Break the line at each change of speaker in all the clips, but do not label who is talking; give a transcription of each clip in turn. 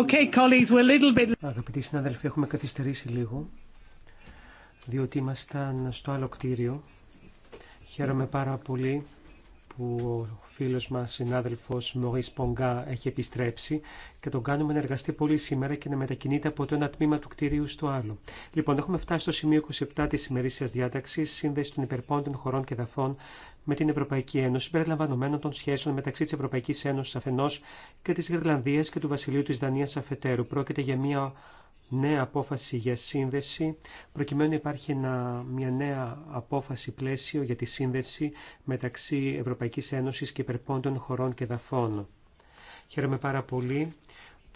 Okay, colleagues, we're a little bit... Αγαπητοί συνάδελφοι, έχουμε καθυστερήσει λίγο, διότι ήμασταν στο άλλο κτίριο. Χαίρομαι πάρα πολύ που ο φίλος μας συνάδελφος Μωρίς Πονγκά έχει επιστρέψει και τον κάνουμε να εργαστεί πολύ σήμερα και να μετακινείται από το ένα τμήμα του κτιρίου στο άλλο. Λοιπόν, έχουμε φτάσει στο σημείο 27 της ημερήσιας διάταξης, σύνδεση των υπερπόντων χωρών και δαφών με την Ευρωπαϊκή Ένωση, περιλαμβανομένων των σχέσεων μεταξύ τη Ευρωπαϊκή Ένωση αφενό και τη Γερλανδία και του Βασιλείου τη Δανία αφετέρου. Πρόκειται για μια νέα απόφαση για σύνδεση, προκειμένου να υπάρχει μια νέα απόφαση πλαίσιο για τη σύνδεση μεταξύ Ευρωπαϊκή Ένωση και υπερπόντων χωρών και δαφών. Χαίρομαι πάρα πολύ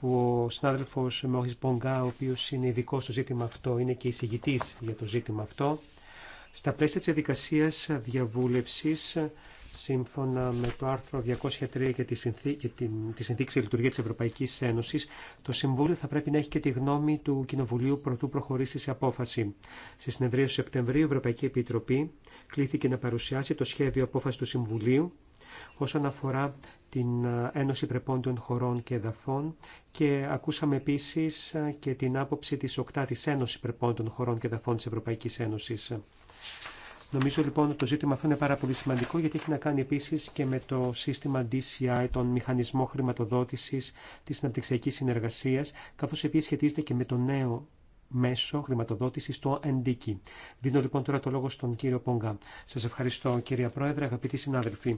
που ο συνάδελφο Μόχης Μπονγκά, ο οποίο είναι ειδικό στο ζήτημα αυτό, είναι και εισηγητή για το ζήτημα αυτό. Στα πλαίσια της διαδικασία διαβούλευσης, σύμφωνα με το άρθρο 203 και τη συνθήκη, τη λειτουργία της Ευρωπαϊκής Ένωσης, το Συμβούλιο θα πρέπει να έχει και τη γνώμη του Κοινοβουλίου πρωτού προχωρήσει σε απόφαση. Στη συνεδρία του Σεπτεμβρίου, η Ευρωπαϊκή Επιτροπή κλήθηκε να παρουσιάσει το σχέδιο απόφαση του Συμβουλίου όσον αφορά την Ένωση Πρεπόντων Χωρών και Εδαφών και ακούσαμε επίσης και την άποψη της Οκτάτης Ένωσης Ένωση Πρεπόντων Χωρών και Εδαφών της Ευρωπαϊκής Ένωσης. Νομίζω λοιπόν ότι το ζήτημα αυτό είναι πάρα πολύ σημαντικό γιατί έχει να κάνει επίση και με το σύστημα DCI, τον μηχανισμό χρηματοδότηση τη αναπτυξιακή συνεργασία, καθώ επίση σχετίζεται και με το νέο μέσο χρηματοδότηση, το ΕΝΤΙΚΙ. Δίνω λοιπόν τώρα το λόγο στον κύριο Πόγκα. Σα ευχαριστώ κυρία Πρόεδρε, αγαπητοί συνάδελφοι.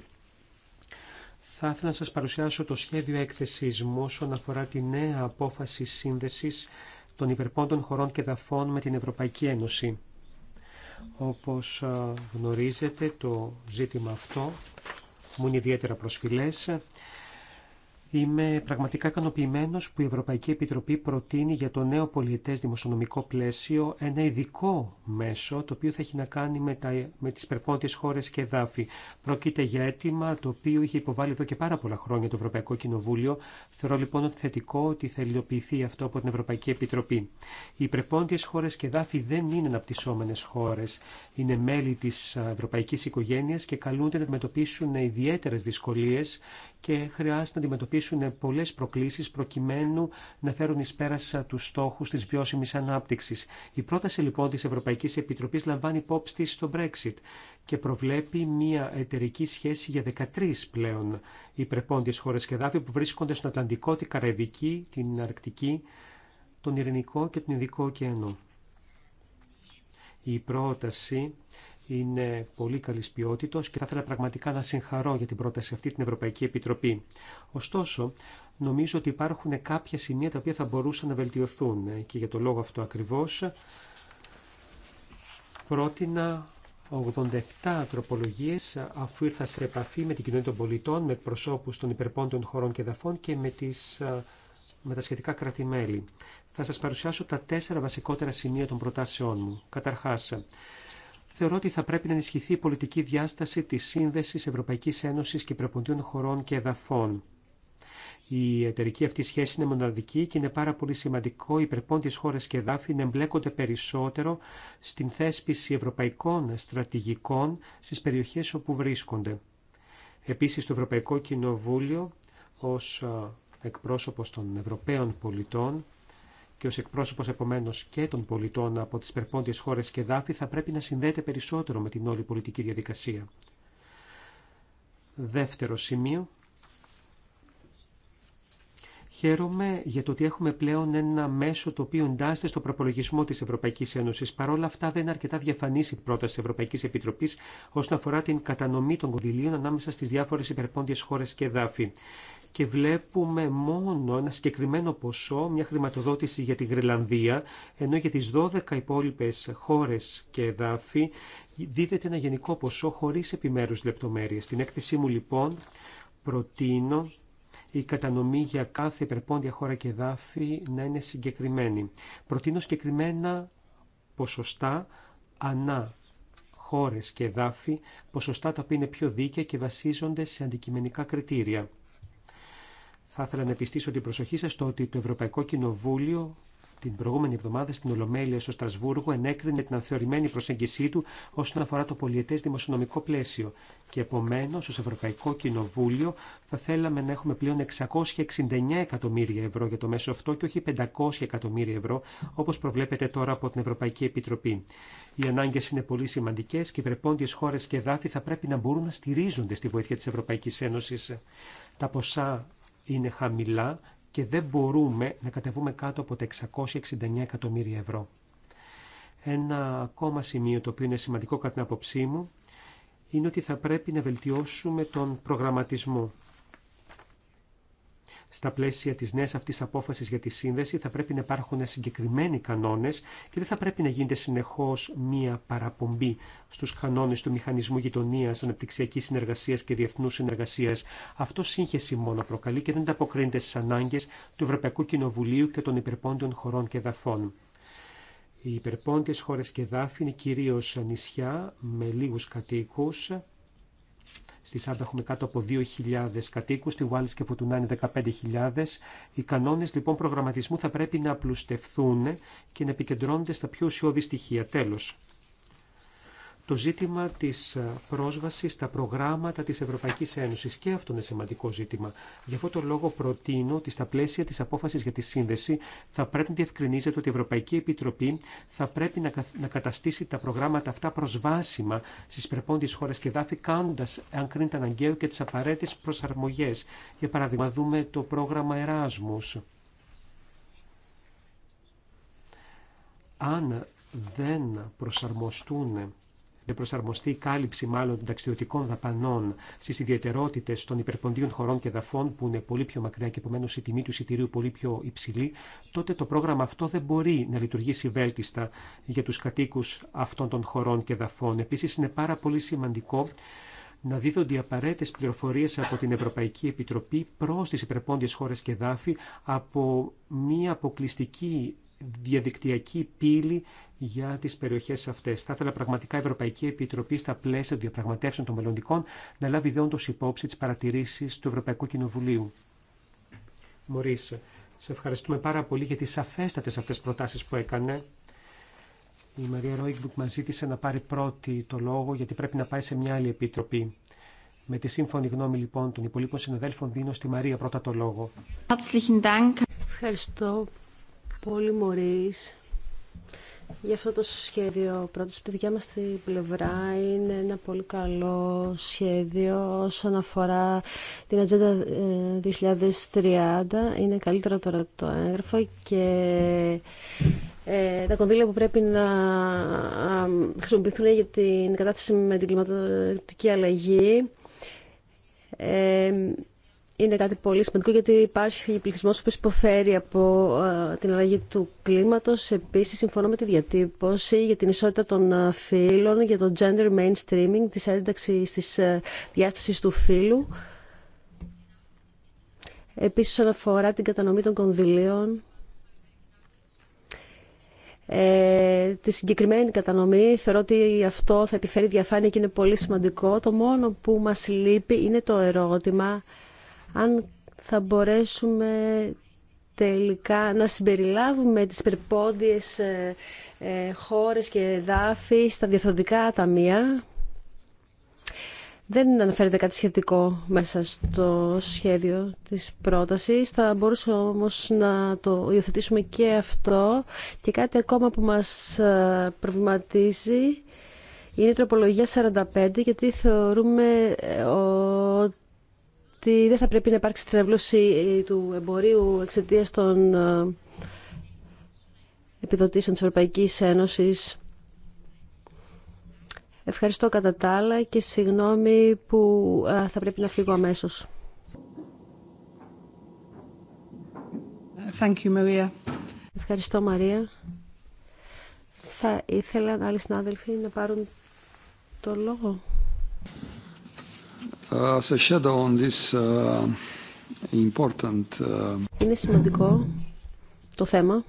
Θα ήθελα να σας παρουσιάσω το σχέδιο έκθεσης μου όσον αφορά τη νέα απόφαση σύνδεση των υπερπόντων χωρών και δαφών με την Ευρωπαϊκή Ένωση. Όπως γνωρίζετε το ζήτημα αυτό μου είναι ιδιαίτερα προσφυλές Είμαι πραγματικά ικανοποιημένο που η Ευρωπαϊκή Επιτροπή προτείνει για το νέο πολιετέ δημοσιονομικό πλαίσιο ένα ειδικό μέσο το οποίο θα έχει να κάνει με, με τι περπόντιε χώρε και εδάφη. Πρόκειται για αίτημα το οποίο είχε υποβάλει εδώ και πάρα πολλά χρόνια το Ευρωπαϊκό Κοινοβούλιο. Θεωρώ λοιπόν ότι θετικό ότι θα υλοποιηθεί αυτό από την Ευρωπαϊκή Επιτροπή. Οι περπόντιε χώρε και εδάφη δεν είναι αναπτυσσόμενε χώρε. Είναι μέλη τη ευρωπαϊκή οικογένεια και καλούνται να αντιμετωπίσουν ιδιαίτερε δυσκολίε και χρειάζεται να αντιμετωπίσουν πολλές προκλήσεις προκειμένου να φέρουν εις πέρας τους στόχους της βιώσιμης ανάπτυξης. Η πρόταση λοιπόν της Ευρωπαϊκής Επιτροπής λαμβάνει υπόψη στο Brexit και προβλέπει μια εταιρική σχέση για 13 πλέον υπερπόντιες χώρες και δάφη που βρίσκονται στον Ατλαντικό, την Καραϊβική, την Αρκτική, τον Ειρηνικό και τον Ειδικό ωκεανό. Η πρόταση είναι πολύ καλή ποιότητα και θα ήθελα πραγματικά να συγχαρώ για την πρόταση αυτή την Ευρωπαϊκή Επιτροπή. Ωστόσο, νομίζω ότι υπάρχουν κάποια σημεία τα οποία θα μπορούσαν να βελτιωθούν και για το λόγο αυτό ακριβώ. πρότεινα 87 τροπολογίε αφού ήρθα σε επαφή με την κοινωνία των πολιτών, με προσώπους των υπερπόντων χωρών και εδαφών και με, τις, με τα σχετικά κρατημέλη. Θα σας παρουσιάσω τα τέσσερα βασικότερα σημεία των προτάσεών μου. Καταρχάς, θεωρώ ότι θα πρέπει να ενισχυθεί η πολιτική διάσταση της σύνδεσης Ευρωπαϊκής Ένωσης και προποντίων χωρών και εδαφών. Η εταιρική αυτή σχέση είναι μοναδική και είναι πάρα πολύ σημαντικό οι υπερπόντιε χώρε και εδάφη να εμπλέκονται περισσότερο στην θέσπιση ευρωπαϊκών στρατηγικών στι περιοχέ όπου βρίσκονται. Επίση, το Ευρωπαϊκό Κοινοβούλιο, ω εκπρόσωπο των Ευρωπαίων πολιτών, και ως εκπρόσωπο επομένω και των πολιτών από τι περπόντιες χώρε και δάφη θα πρέπει να συνδέεται περισσότερο με την όλη πολιτική διαδικασία. Δεύτερο σημείο. Χαίρομαι για το ότι έχουμε πλέον ένα μέσο το οποίο εντάσσεται στο προπολογισμό τη Ευρωπαϊκή Ένωση. Παρ' όλα αυτά, δεν είναι αρκετά διαφανή η πρόταση τη Ευρωπαϊκή Επιτροπή όσον αφορά την κατανομή των κονδυλίων ανάμεσα στι διάφορε υπερπόντιε χώρε και δάφη και βλέπουμε μόνο ένα συγκεκριμένο ποσό, μια χρηματοδότηση για τη Γρυλανδία, ενώ για τις 12 υπόλοιπες χώρες και εδάφη δίδεται ένα γενικό ποσό χωρίς επιμέρους λεπτομέρειες. Στην έκθεσή μου λοιπόν προτείνω η κατανομή για κάθε υπερπόντια χώρα και εδάφη να είναι συγκεκριμένη. Προτείνω συγκεκριμένα ποσοστά ανά χώρες και εδάφη, ποσοστά τα οποία είναι πιο δίκαια και βασίζονται σε αντικειμενικά κριτήρια. Θα ήθελα να επιστήσω την προσοχή σα στο ότι το Ευρωπαϊκό Κοινοβούλιο την προηγούμενη εβδομάδα στην Ολομέλεια στο Στρασβούργο ενέκρινε την ανθεωρημένη προσέγγιση του όσον αφορά το πολιετές δημοσιονομικό πλαίσιο. Και επομένω, ω Ευρωπαϊκό Κοινοβούλιο, θα θέλαμε να έχουμε πλέον 669 εκατομμύρια ευρώ για το μέσο αυτό και όχι 500 εκατομμύρια ευρώ, όπω προβλέπεται τώρα από την Ευρωπαϊκή Επιτροπή. Οι ανάγκε είναι πολύ σημαντικέ και οι υπερπόντιε χώρε και θα πρέπει να μπορούν να στηρίζονται στη βοήθεια τη Ευρωπαϊκή Ένωση. Τα ποσά είναι χαμηλά και δεν μπορούμε να κατεβούμε κάτω από τα 669 εκατομμύρια ευρώ. Ένα ακόμα σημείο το οποίο είναι σημαντικό κατά την άποψή μου είναι ότι θα πρέπει να βελτιώσουμε τον προγραμματισμό. Στα πλαίσια τη νέα αυτή απόφαση για τη σύνδεση θα πρέπει να υπάρχουν συγκεκριμένοι κανόνε και δεν θα πρέπει να γίνεται συνεχώ μία παραπομπή στου κανόνε του Μηχανισμού Γειτονία, Αναπτυξιακή Συνεργασία και Διεθνού Συνεργασία. Αυτό σύγχυση μόνο προκαλεί και δεν ανταποκρίνεται στι ανάγκε του Ευρωπαϊκού Κοινοβουλίου και των υπερπόντιων χωρών και δαφών. Οι υπερπόντιες χώρες και δάφη είναι κυρίως νησιά με λίγου κατοίκους Στη Σάρτα έχουμε κάτω από 2.000 κατοίκου, στη Γουάλη και είναι 15.000. Οι κανόνε λοιπόν προγραμματισμού θα πρέπει να απλουστευθούν και να επικεντρώνονται στα πιο ουσιώδη στοιχεία. Τέλο το ζήτημα της ε, πρόσβασης στα προγράμματα της Ευρωπαϊκής Ένωσης. Και αυτό είναι σημαντικό ζήτημα. Γι' αυτό το λόγο προτείνω ότι στα πλαίσια της απόφασης για τη σύνδεση θα πρέπει να διευκρινίζεται ότι η Ευρωπαϊκή Επιτροπή θα πρέπει να καταστήσει τα προγράμματα αυτά προσβάσιμα στις περπόντιες χώρες και δάφη κάνοντας, αν κρίνεται αναγκαίο, και τις απαραίτητες προσαρμογές. Για παράδειγμα, δούμε το πρόγραμμα Εράσμους. Αν δεν προσαρμοστούν να προσαρμοστεί η κάλυψη μάλλον των ταξιδιωτικών δαπανών στι ιδιαιτερότητε των υπερποντίων χωρών και δαφών που είναι πολύ πιο μακριά και επομένω η τιμή του εισιτηρίου πολύ πιο υψηλή, τότε το πρόγραμμα αυτό δεν μπορεί να λειτουργήσει βέλτιστα για του κατοίκου αυτών των χωρών και δαφών. Επίση, είναι πάρα πολύ σημαντικό να δίδονται οι απαραίτητε πληροφορίε από την Ευρωπαϊκή Επιτροπή προ τι υπερπόντιε χώρε και δάφη από μία αποκλειστική διαδικτυακή πύλη για τι περιοχέ αυτέ. Θα ήθελα πραγματικά η Ευρωπαϊκή Επιτροπή στα πλαίσια των διαπραγματεύσεων των μελλοντικών να λάβει δόντω υπόψη τι παρατηρήσει του Ευρωπαϊκού Κοινοβουλίου. Μωρή, σε ευχαριστούμε πάρα πολύ για τι σαφέστατε αυτέ προτάσει που έκανε. Η Μαρία Ρόιγκμπουκ μα ζήτησε να πάρει πρώτη το λόγο γιατί πρέπει να πάει σε μια άλλη επιτροπή. Με τη σύμφωνη γνώμη λοιπόν των υπολείπων συναδέλφων δίνω στη Μαρία πρώτα το λόγο.
Ευχαριστώ πολύ πολυμορείς για αυτό το σχέδιο. Πρώτος, παιδιά μας πλευρά είναι ένα πολύ καλό σχέδιο όσον αφορά την Ατζέντα 2030. Ε, είναι καλύτερα τώρα το έγγραφο και ε, τα κονδύλια που πρέπει να χρησιμοποιηθούν για την κατάσταση με την κλιματική αλλαγή. Ε, είναι κάτι πολύ σημαντικό γιατί υπάρχει πληθυσμό που υποφέρει από ε, την αλλαγή του κλίματο. Επίση, συμφωνώ με τη διατύπωση για την ισότητα των ε, φύλων, για το gender mainstreaming, τη ένταξη τη ε, διάσταση του φύλου. Επίση όσον αφορά την κατανομή των κονδυλίων, ε, τη συγκεκριμένη κατανομή θεωρώ ότι αυτό θα επιφέρει διαφάνεια και είναι πολύ σημαντικό. Το μόνο που μας λείπει είναι το ερώτημα αν θα μπορέσουμε τελικά να συμπεριλάβουμε τις περπόδιες ε, ε, χώρες και εδάφη στα διαθροντικά ταμεία. Δεν αναφέρεται κάτι σχετικό μέσα στο σχέδιο της πρότασης. Θα μπορούσαμε όμως να το υιοθετήσουμε και αυτό. Και κάτι ακόμα που μας ε, προβληματίζει είναι η τροπολογία 45, γιατί θεωρούμε ότι ότι δεν θα πρέπει να υπάρξει στρέβλωση ε, του εμπορίου εξαιτία των ε, επιδοτήσεων της Ευρωπαϊκής Ένωσης. Ευχαριστώ κατά τα άλλα και συγγνώμη που ε, θα πρέπει να φύγω αμέσως. Thank you, Maria. Ευχαριστώ, Μαρία. Θα ήθελαν άλλοι συνάδελφοι να πάρουν το λόγο.
Uh, uh, uh,
Είναι σημαντικό το θέμα.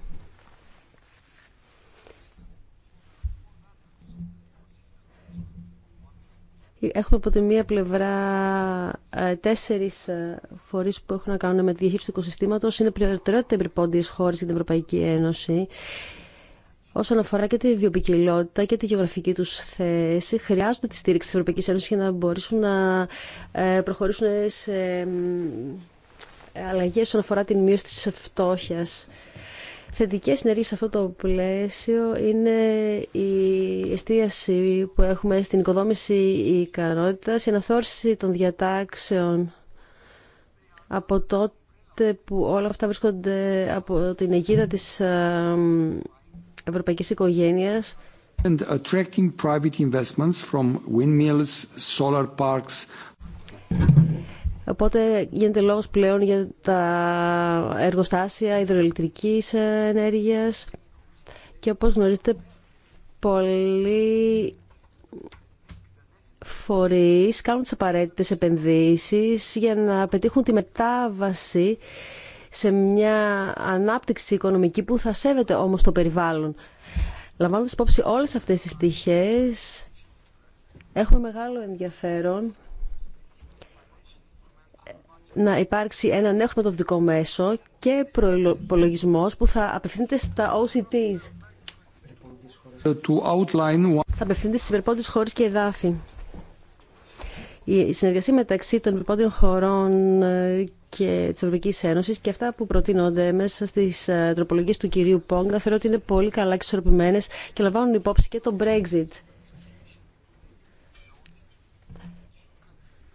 Έχουμε από τη μία πλευρά ε, τέσσερι ε, φορεί που έχουν να κάνουν με τη διαχείριση του οικοσυστήματο. Είναι προτεραιότητα εμπειρπόντιες χώρες για την Ευρωπαϊκή Ένωση. Όσον αφορά και τη βιοπικιλότητα και τη γεωγραφική τους θέση, χρειάζονται τη στήριξη τη Ευρωπαϊκής Ένωση για να μπορέσουν να ε, προχωρήσουν σε αλλαγές όσον αφορά την μείωση τη φτώχεια. Θετικέ συνέργειες σε αυτό το πλαίσιο είναι η εστίαση που έχουμε στην οικοδόμηση ικανότητα, η αναθόρηση των διατάξεων από τότε που όλα αυτά βρίσκονται από την αιγίδα της ε, ευρωπαϊκής οικογένειας
and attracting private investments from windmills, solar parks.
Οπότε γίνεται λόγος πλέον για τα εργοστάσια υδροελεκτρικής ενέργειας και όπως γνωρίζετε πολλοί φορείς κάνουν τις απαραίτητες επενδύσεις για να πετύχουν τη μετάβαση σε μια ανάπτυξη οικονομική που θα σέβεται όμως το περιβάλλον. Λαμβάνοντας υπόψη όλες αυτές τις πτυχές, έχουμε μεγάλο ενδιαφέρον να υπάρξει ένα νέο χρηματοδοτικό μέσο και προπολογισμό που θα απευθύνεται στα OCTs. Θα απευθύνεται στι υπερπόντε χώρε και εδάφη. Η συνεργασία μεταξύ των υπερπόντιων χωρών και τη Ευρωπαϊκή Ένωση και αυτά που προτείνονται μέσα στι ε, τροπολογίε του κυρίου Πόγκα θεωρώ ότι είναι πολύ καλά εξορροπημένε και λαμβάνουν υπόψη και το Brexit.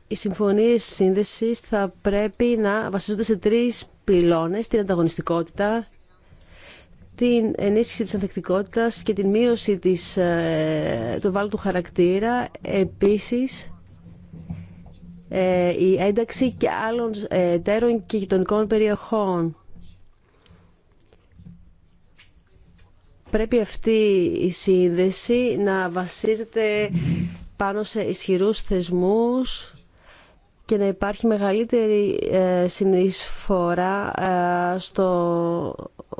Οι συμφωνίε σύνδεση θα πρέπει να βασίζονται σε τρει πυλώνες, την ανταγωνιστικότητα, την ενίσχυση της ανθεκτικότητας και την μείωση της, ε, του βάλου του χαρακτήρα. Επίσης, ε, η ένταξη και άλλων ε, εταίρων και γειτονικών περιοχών. Πρέπει αυτή η σύνδεση να βασίζεται πάνω σε ισχυρούς θεσμούς και να υπάρχει μεγαλύτερη ε, συνεισφορά στο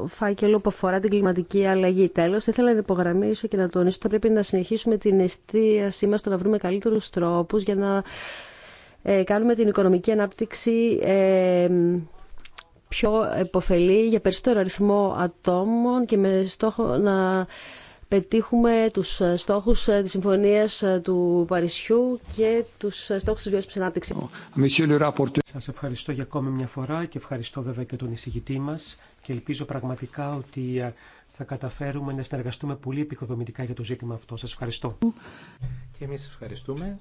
φάκελο που αφορά την κλιματική αλλαγή. Τέλος, ήθελα να υπογραμμίσω και να τονίσω ότι πρέπει να συνεχίσουμε την εστίασή μας στο να βρούμε καλύτερους τρόπους για να ε, κάνουμε την οικονομική ανάπτυξη ε, πιο επωφελή για περισσότερο αριθμό ατόμων και με στόχο να πετύχουμε τους στόχους ε, της Συμφωνίας του Παρισιού και τους στόχους της βιώσιμης ανάπτυξης.
Σας ευχαριστώ για ακόμη μια φορά και ευχαριστώ βέβαια και τον εισηγητή μας και ελπίζω πραγματικά ότι θα καταφέρουμε να συνεργαστούμε πολύ επικοδομητικά για το ζήτημα αυτό. Σας ευχαριστώ.
Και εμείς ευχαριστούμε.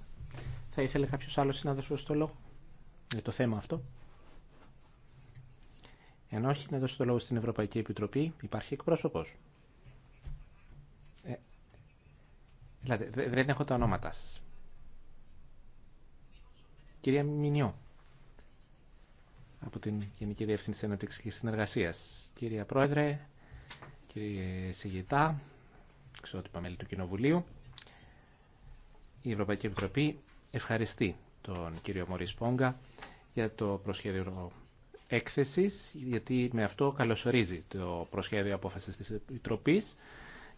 Θα ήθελε κάποιο άλλο συναδέλφο το λόγο για το θέμα αυτό. Ενώ όχι, να δώσω το λόγο στην Ευρωπαϊκή Επιτροπή. Υπάρχει εκπροσωπο. Ε, δηλαδή, δεν έχω τα ονόματα σα. Κυρία Μινιό, από την Γενική Διεύθυνση Αναπτύξη και Συνεργασίας. Κυρία Πρόεδρε, κύριε Σιγητά, είπα μέλη του Κοινοβουλίου, η Ευρωπαϊκή Επιτροπή ευχαριστεί τον κύριο Μωρή Πόγκα για το προσχέδιο έκθεση, γιατί με αυτό καλωσορίζει το προσχέδιο απόφαση της Επιτροπή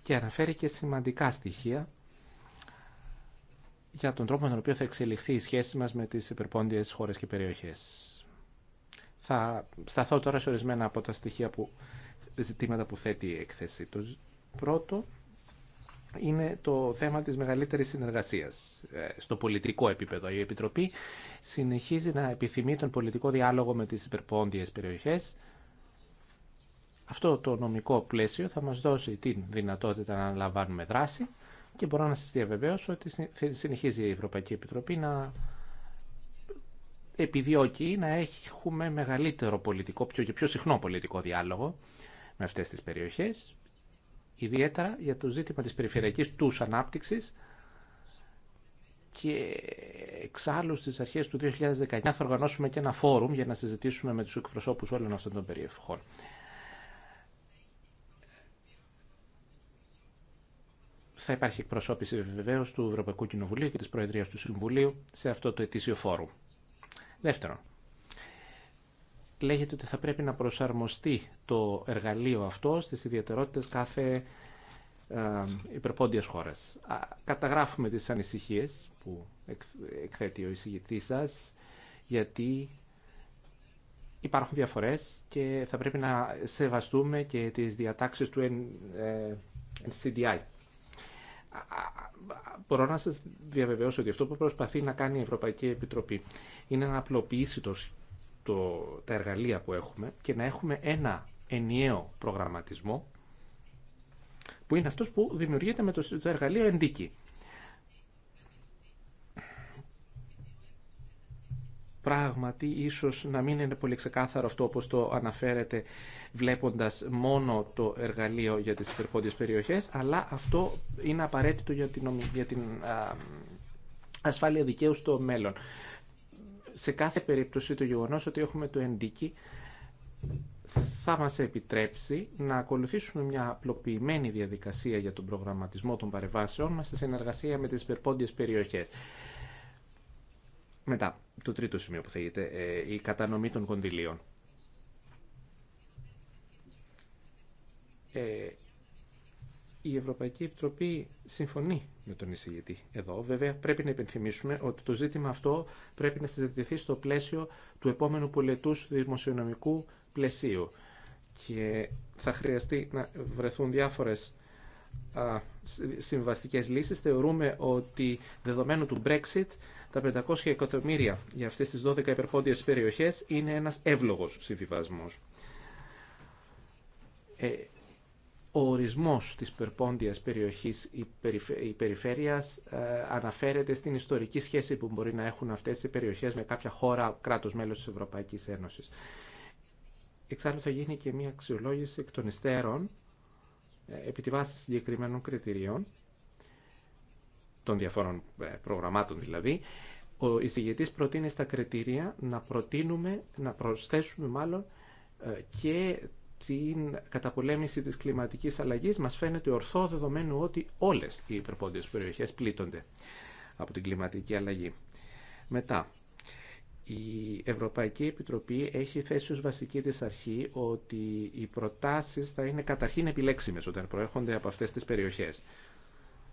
και αναφέρει και σημαντικά στοιχεία για τον τρόπο με τον οποίο θα εξελιχθεί η σχέση μας με τις υπερπόντιες χώρες και περιοχές. Θα σταθώ τώρα σε ορισμένα από τα στοιχεία που, ζητήματα που θέτει η έκθεση. Το πρώτο είναι το θέμα της μεγαλύτερης συνεργασίας ε, στο πολιτικό επίπεδο. Η Επιτροπή συνεχίζει να επιθυμεί τον πολιτικό διάλογο με τις υπερπόντιες περιοχές. Αυτό το νομικό πλαίσιο θα μας δώσει την δυνατότητα να λαμβάνουμε δράση και μπορώ να σας διαβεβαιώσω ότι συνεχίζει η Ευρωπαϊκή Επιτροπή να επιδιώκει να έχουμε μεγαλύτερο πολιτικό πιο και πιο συχνό πολιτικό διάλογο με αυτές τις περιοχές ιδιαίτερα για το ζήτημα της περιφερειακής τους ανάπτυξης και εξάλλου στις αρχές του 2019 θα οργανώσουμε και ένα φόρουμ για να συζητήσουμε με τους εκπροσώπους όλων αυτών των περιεχών. Θα υπάρχει εκπροσώπηση βεβαίω του Ευρωπαϊκού Κοινοβουλίου και της Προεδρίας του Συμβουλίου σε αυτό το ετήσιο φόρουμ. Δεύτερον, λέγεται ότι θα πρέπει να προσαρμοστεί το εργαλείο αυτό στις ιδιαιτερότητες κάθε ε, υπερπόντιας χώρας. Καταγράφουμε τις ανησυχίες που εκθέτει ο εισηγητής σας, γιατί υπάρχουν διαφορές και θα πρέπει να σεβαστούμε και τις διατάξεις του NCDI. Ε, μπορώ να σας διαβεβαιώσω ότι αυτό που προσπαθεί να κάνει η Ευρωπαϊκή Επιτροπή είναι να απλοποιήσει το το, τα εργαλεία που έχουμε και να έχουμε ένα ενιαίο προγραμματισμό που είναι αυτός που δημιουργείται με το, το εργαλείο ενδίκη. Πράγματι, ίσως να μην είναι πολύ ξεκάθαρο αυτό όπως το αναφέρετε βλέποντας μόνο το εργαλείο για τις υπερπόντιες περιοχές, αλλά αυτό είναι απαραίτητο για την, για την ασφάλεια δικαίου στο μέλλον σε κάθε περίπτωση το γεγονός ότι έχουμε το ενδίκη θα μας επιτρέψει να ακολουθήσουμε μια απλοποιημένη διαδικασία για τον προγραμματισμό των παρεμβάσεων μας σε συνεργασία με τις περπόντιες περιοχές. Μετά, το τρίτο σημείο που θέλετε, ε, η κατανομή των κονδυλίων. Ε, η Ευρωπαϊκή Επιτροπή συμφωνεί με τον εισηγητή εδώ. Βέβαια, πρέπει να υπενθυμίσουμε ότι το ζήτημα αυτό πρέπει να συζητηθεί στο πλαίσιο του επόμενου πολιετού δημοσιονομικού πλαισίου. Και θα χρειαστεί να βρεθούν διάφορε συμβαστικέ λύσει. Θεωρούμε ότι δεδομένου του Brexit, τα 500 εκατομμύρια για αυτέ τι 12 υπερπόντιε περιοχέ είναι ένα εύλογο συμβιβασμό. Ε, ο ορισμός της περπόντιας περιοχής ή περιφέρειας ε, αναφέρεται στην ιστορική σχέση που μπορεί να έχουν αυτές οι περιοχές με κάποια χώρα, κράτος μέλος της Ευρωπαϊκής Ένωσης. Εξάλλου θα γίνει και μια αξιολόγηση εκ των υστέρων ε, επί τη βάση συγκεκριμένων κριτηρίων, των διαφόρων ε, προγραμμάτων δηλαδή, ο εισηγητής προτείνει στα κριτήρια να προτείνουμε, να προσθέσουμε μάλλον και την καταπολέμηση της κλιματικής αλλαγής, μας φαίνεται ορθό δεδομένου ότι όλες οι υπερπόντιες περιοχές πλήττονται από την κλιματική αλλαγή. Μετά, η Ευρωπαϊκή Επιτροπή έχει θέσει ως βασική της αρχή ότι οι προτάσεις θα είναι καταρχήν επιλέξιμες όταν προέρχονται από αυτές τις περιοχές.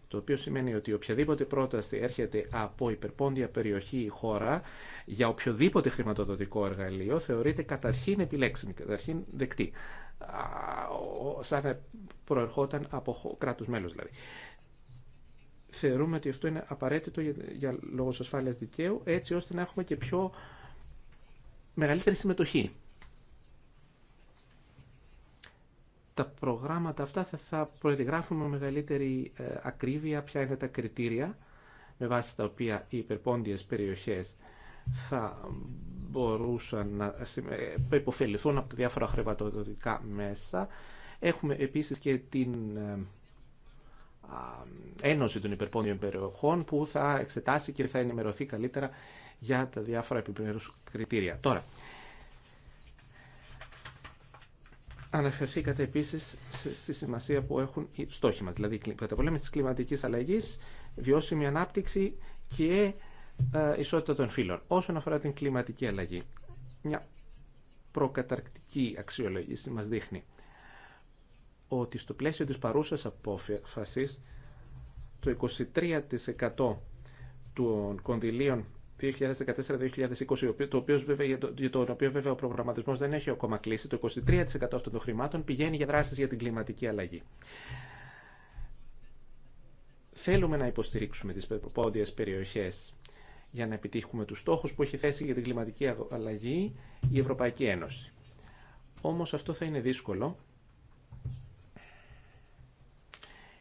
Το οποίο σημαίνει ότι οποιαδήποτε πρόταση έρχεται από υπερπόντια περιοχή ή χώρα για οποιοδήποτε χρηματοδοτικό εργαλείο θεωρείται καταρχήν επιλέξιμη, καταρχήν δεκτή σαν να προερχόταν από κράτους μέλος δηλαδή. Θεωρούμε ότι αυτό είναι απαραίτητο για, για λόγους ασφάλειας δικαίου, έτσι ώστε να έχουμε και πιο μεγαλύτερη συμμετοχή. Τα προγράμματα αυτά θα, θα με μεγαλύτερη ε, ακρίβεια ποια είναι τα κριτήρια με βάση τα οποία οι υπερπόντιες περιοχές θα μπορούσαν να υποφεληθούν ε, από διάφορα χρηματοδοτικά μέσα. Έχουμε επίσης και την ε, Ένωση των υπερπόντιων Περιοχών που θα εξετάσει και θα ενημερωθεί καλύτερα για τα διάφορα επιπλέον κριτήρια. Τώρα, αναφερθήκατε επίσης στη σημασία που έχουν οι στόχοι μας, δηλαδή η καταπολέμηση της κλιματικής αλλαγής, βιώσιμη ανάπτυξη και ε, ισότητα των φύλων. Όσον αφορά την κλιματική αλλαγή, μια προκαταρκτική αξιολόγηση μας δείχνει ότι στο πλαίσιο της παρούσας απόφασης το 23% των κονδυλίων 2014-2020, το οποίο, βέβαια, για, το, οποίο βέβαια ο προγραμματισμό δεν έχει ακόμα κλείσει, το 23% αυτών των χρημάτων πηγαίνει για δράσει για την κλιματική αλλαγή. Θέλουμε να υποστηρίξουμε τι πόντιε περιοχέ για να επιτύχουμε τους στόχους που έχει θέσει για την κλιματική αλλαγή η Ευρωπαϊκή Ένωση. Όμως αυτό θα είναι δύσκολο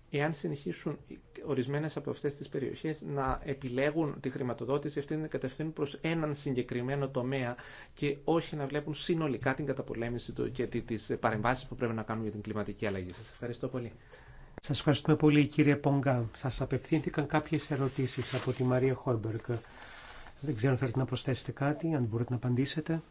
εάν συνεχίσουν ορισμένες από αυτές τις περιοχές να επιλέγουν τη χρηματοδότηση αυτή να κατευθύνουν προς έναν συγκεκριμένο τομέα και όχι να βλέπουν συνολικά την καταπολέμηση και τις παρεμβάσεις που πρέπει να κάνουν για την κλιματική αλλαγή. Σας ευχαριστώ πολύ.
Σας ευχαριστούμε πολύ κύριε Πονγκά. Σας απευθύνθηκαν κάποιες ερωτήσεις από τη Μαρία Χόρμπερκ. Δεν ξέρω αν θέλετε να προσθέσετε κάτι, αν μπορείτε να απαντήσετε.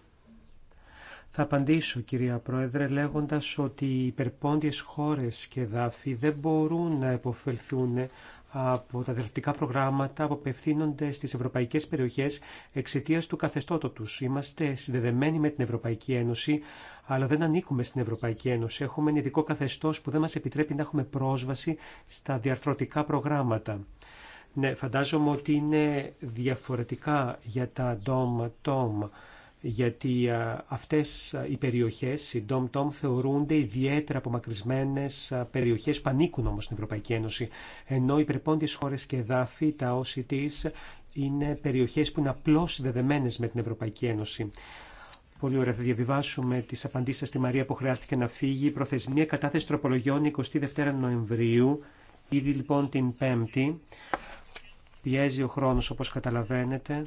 Θα απαντήσω κυρία Πρόεδρε λέγοντας ότι οι υπερπόντιες χώρες και δάφοι δεν μπορούν να επωφελθούν από τα δευτικά προγράμματα που απευθύνονται στις ευρωπαϊκές περιοχές εξαιτίας του καθεστώτο τους. Είμαστε συνδεδεμένοι με την Ευρωπαϊκή Ένωση, αλλά δεν ανήκουμε στην Ευρωπαϊκή Ένωση. Έχουμε ένα ειδικό καθεστώ που δεν μα επιτρέπει να έχουμε πρόσβαση στα διαρθρωτικά προγράμματα. Ναι, φαντάζομαι ότι είναι διαφορετικά για τα DOM-TOM, γιατί αυτές οι περιοχές, οι DOM-TOM, θεωρούνται ιδιαίτερα απομακρυσμένες περιοχές που ανήκουν όμως στην Ευρωπαϊκή Ένωση, ενώ οι πρεπόντιες χώρες και εδάφη, τα OCTs, είναι περιοχές που είναι απλώς συνδεδεμένες με την Ευρωπαϊκή Ένωση. Πολύ ωραία. Θα διαβιβάσουμε τι απαντήσει σα στη Μαρία που χρειάστηκε να φύγει. Η προθεσμία κατάθεση τροπολογιών 22 Νοεμβρίου, ήδη λοιπόν την 5η. Πιέζει ο χρόνο όπω καταλαβαίνετε.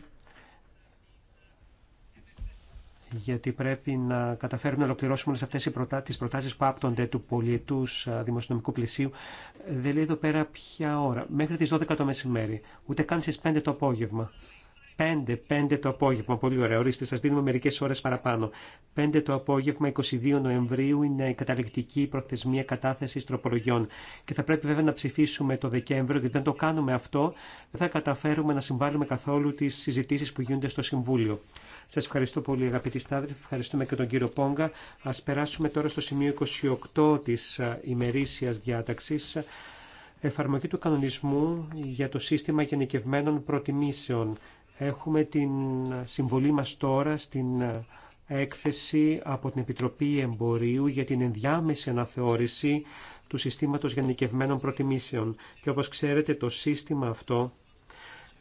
Γιατί πρέπει να καταφέρουμε να ολοκληρώσουμε όλε αυτέ τι προτάσει που άπτονται του πολιετού δημοσιονομικού πλησίου. Δεν λέει εδώ πέρα ποια ώρα. Μέχρι τι 12 το μεσημέρι. Ούτε καν στι 5 το απόγευμα. 5, 5 το απόγευμα. Πολύ ωραία. Ορίστε, σα δίνουμε μερικέ ώρε παραπάνω. 5 το απόγευμα, 22 Νοεμβρίου, είναι η καταληκτική προθεσμία κατάθεση τροπολογιών. Και θα πρέπει βέβαια να ψηφίσουμε το Δεκέμβριο, γιατί αν το κάνουμε αυτό, δεν θα καταφέρουμε να συμβάλλουμε καθόλου τι συζητήσει που γίνονται στο Συμβούλιο. Σα ευχαριστώ πολύ, αγαπητοί συνάδελφοι. Ευχαριστούμε και τον κύριο Πόγκα. Α περάσουμε τώρα στο σημείο 28 τη ε, ημερήσια διάταξη εφαρμογή του κανονισμού για το σύστημα γενικευμένων προτιμήσεων. Έχουμε την συμβολή μας τώρα στην έκθεση από την Επιτροπή Εμπορίου για την ενδιάμεση αναθεώρηση του συστήματος γενικευμένων προτιμήσεων. Και όπως ξέρετε το σύστημα αυτό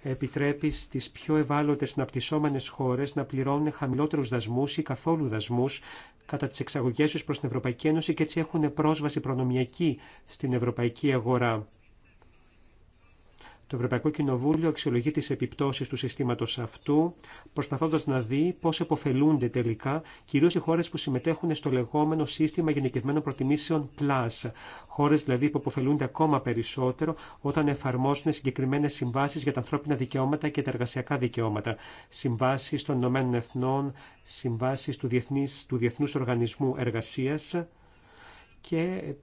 επιτρέπει στις πιο ευάλωτες αναπτυσσόμενες χώρες να πληρώνουν χαμηλότερους δασμούς ή καθόλου δασμούς κατά τις εξαγωγές τους προς την Ευρωπαϊκή Ένωση και έτσι έχουν πρόσβαση προνομιακή στην Ευρωπαϊκή αγορά. Το Ευρωπαϊκό Κοινοβούλιο αξιολογεί τι επιπτώσει του συστήματο αυτού, προσπαθώντα να δει πώ επωφελούνται τελικά κυρίω οι χώρε που συμμετέχουν στο λεγόμενο σύστημα γενικευμένων προτιμήσεων PLUS, χώρε δηλαδή που επωφελούνται ακόμα περισσότερο όταν εφαρμόσουν συγκεκριμένε συμβάσει για τα ανθρώπινα δικαιώματα και τα εργασιακά δικαιώματα, συμβάσει των Ηνωμένων Εθνών, συμβάσει του, Διεθνού Οργανισμού Εργασία και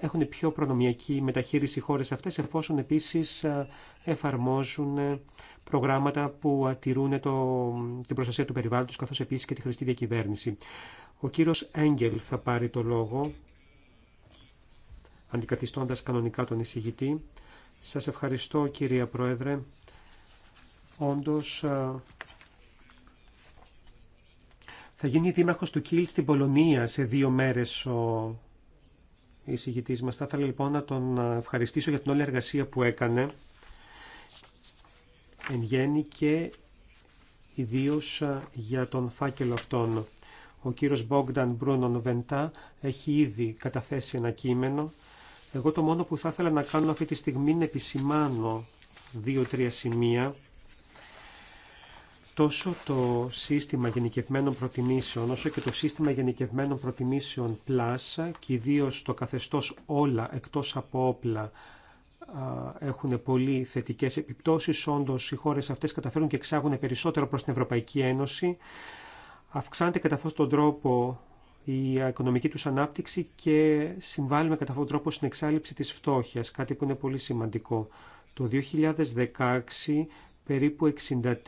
έχουν πιο προνομιακή μεταχείριση οι χώρες αυτές εφόσον επίσης ε, εφαρμόζουν ε, προγράμματα που ατηρούν το, την προστασία του περιβάλλοντος καθώς επίσης και τη χρηστή διακυβέρνηση. Ο κύριος Έγγελ θα πάρει το λόγο αντικαθιστώντας κανονικά τον εισηγητή. Σας ευχαριστώ κυρία Πρόεδρε. Όντως ε, θα γίνει δήμαρχος του Κίλ στην Πολωνία σε δύο μέρες ο μα. Θα ήθελα λοιπόν να τον ευχαριστήσω για την όλη εργασία που έκανε εν γέννη και ιδίω για τον φάκελο αυτόν. Ο κύριος Μπόγκταν Μπρούνον Βεντά έχει ήδη καταθέσει ένα κείμενο. Εγώ το μόνο που θα ήθελα να κάνω αυτή τη στιγμή είναι επισημάνω δύο-τρία σημεία τόσο το σύστημα γενικευμένων προτιμήσεων όσο και το σύστημα γενικευμένων προτιμήσεων πλάσα και ιδίω το καθεστώς όλα εκτός από όπλα έχουν πολύ θετικές επιπτώσεις. Όντως οι χώρες αυτές καταφέρουν και εξάγουν περισσότερο προς την Ευρωπαϊκή Ένωση. Αυξάνεται κατά αυτόν τον τρόπο η οικονομική τους ανάπτυξη και συμβάλλουμε κατά αυτόν τον τρόπο στην εξάλληψη της φτώχειας, κάτι που είναι πολύ σημαντικό. Το 2016 περίπου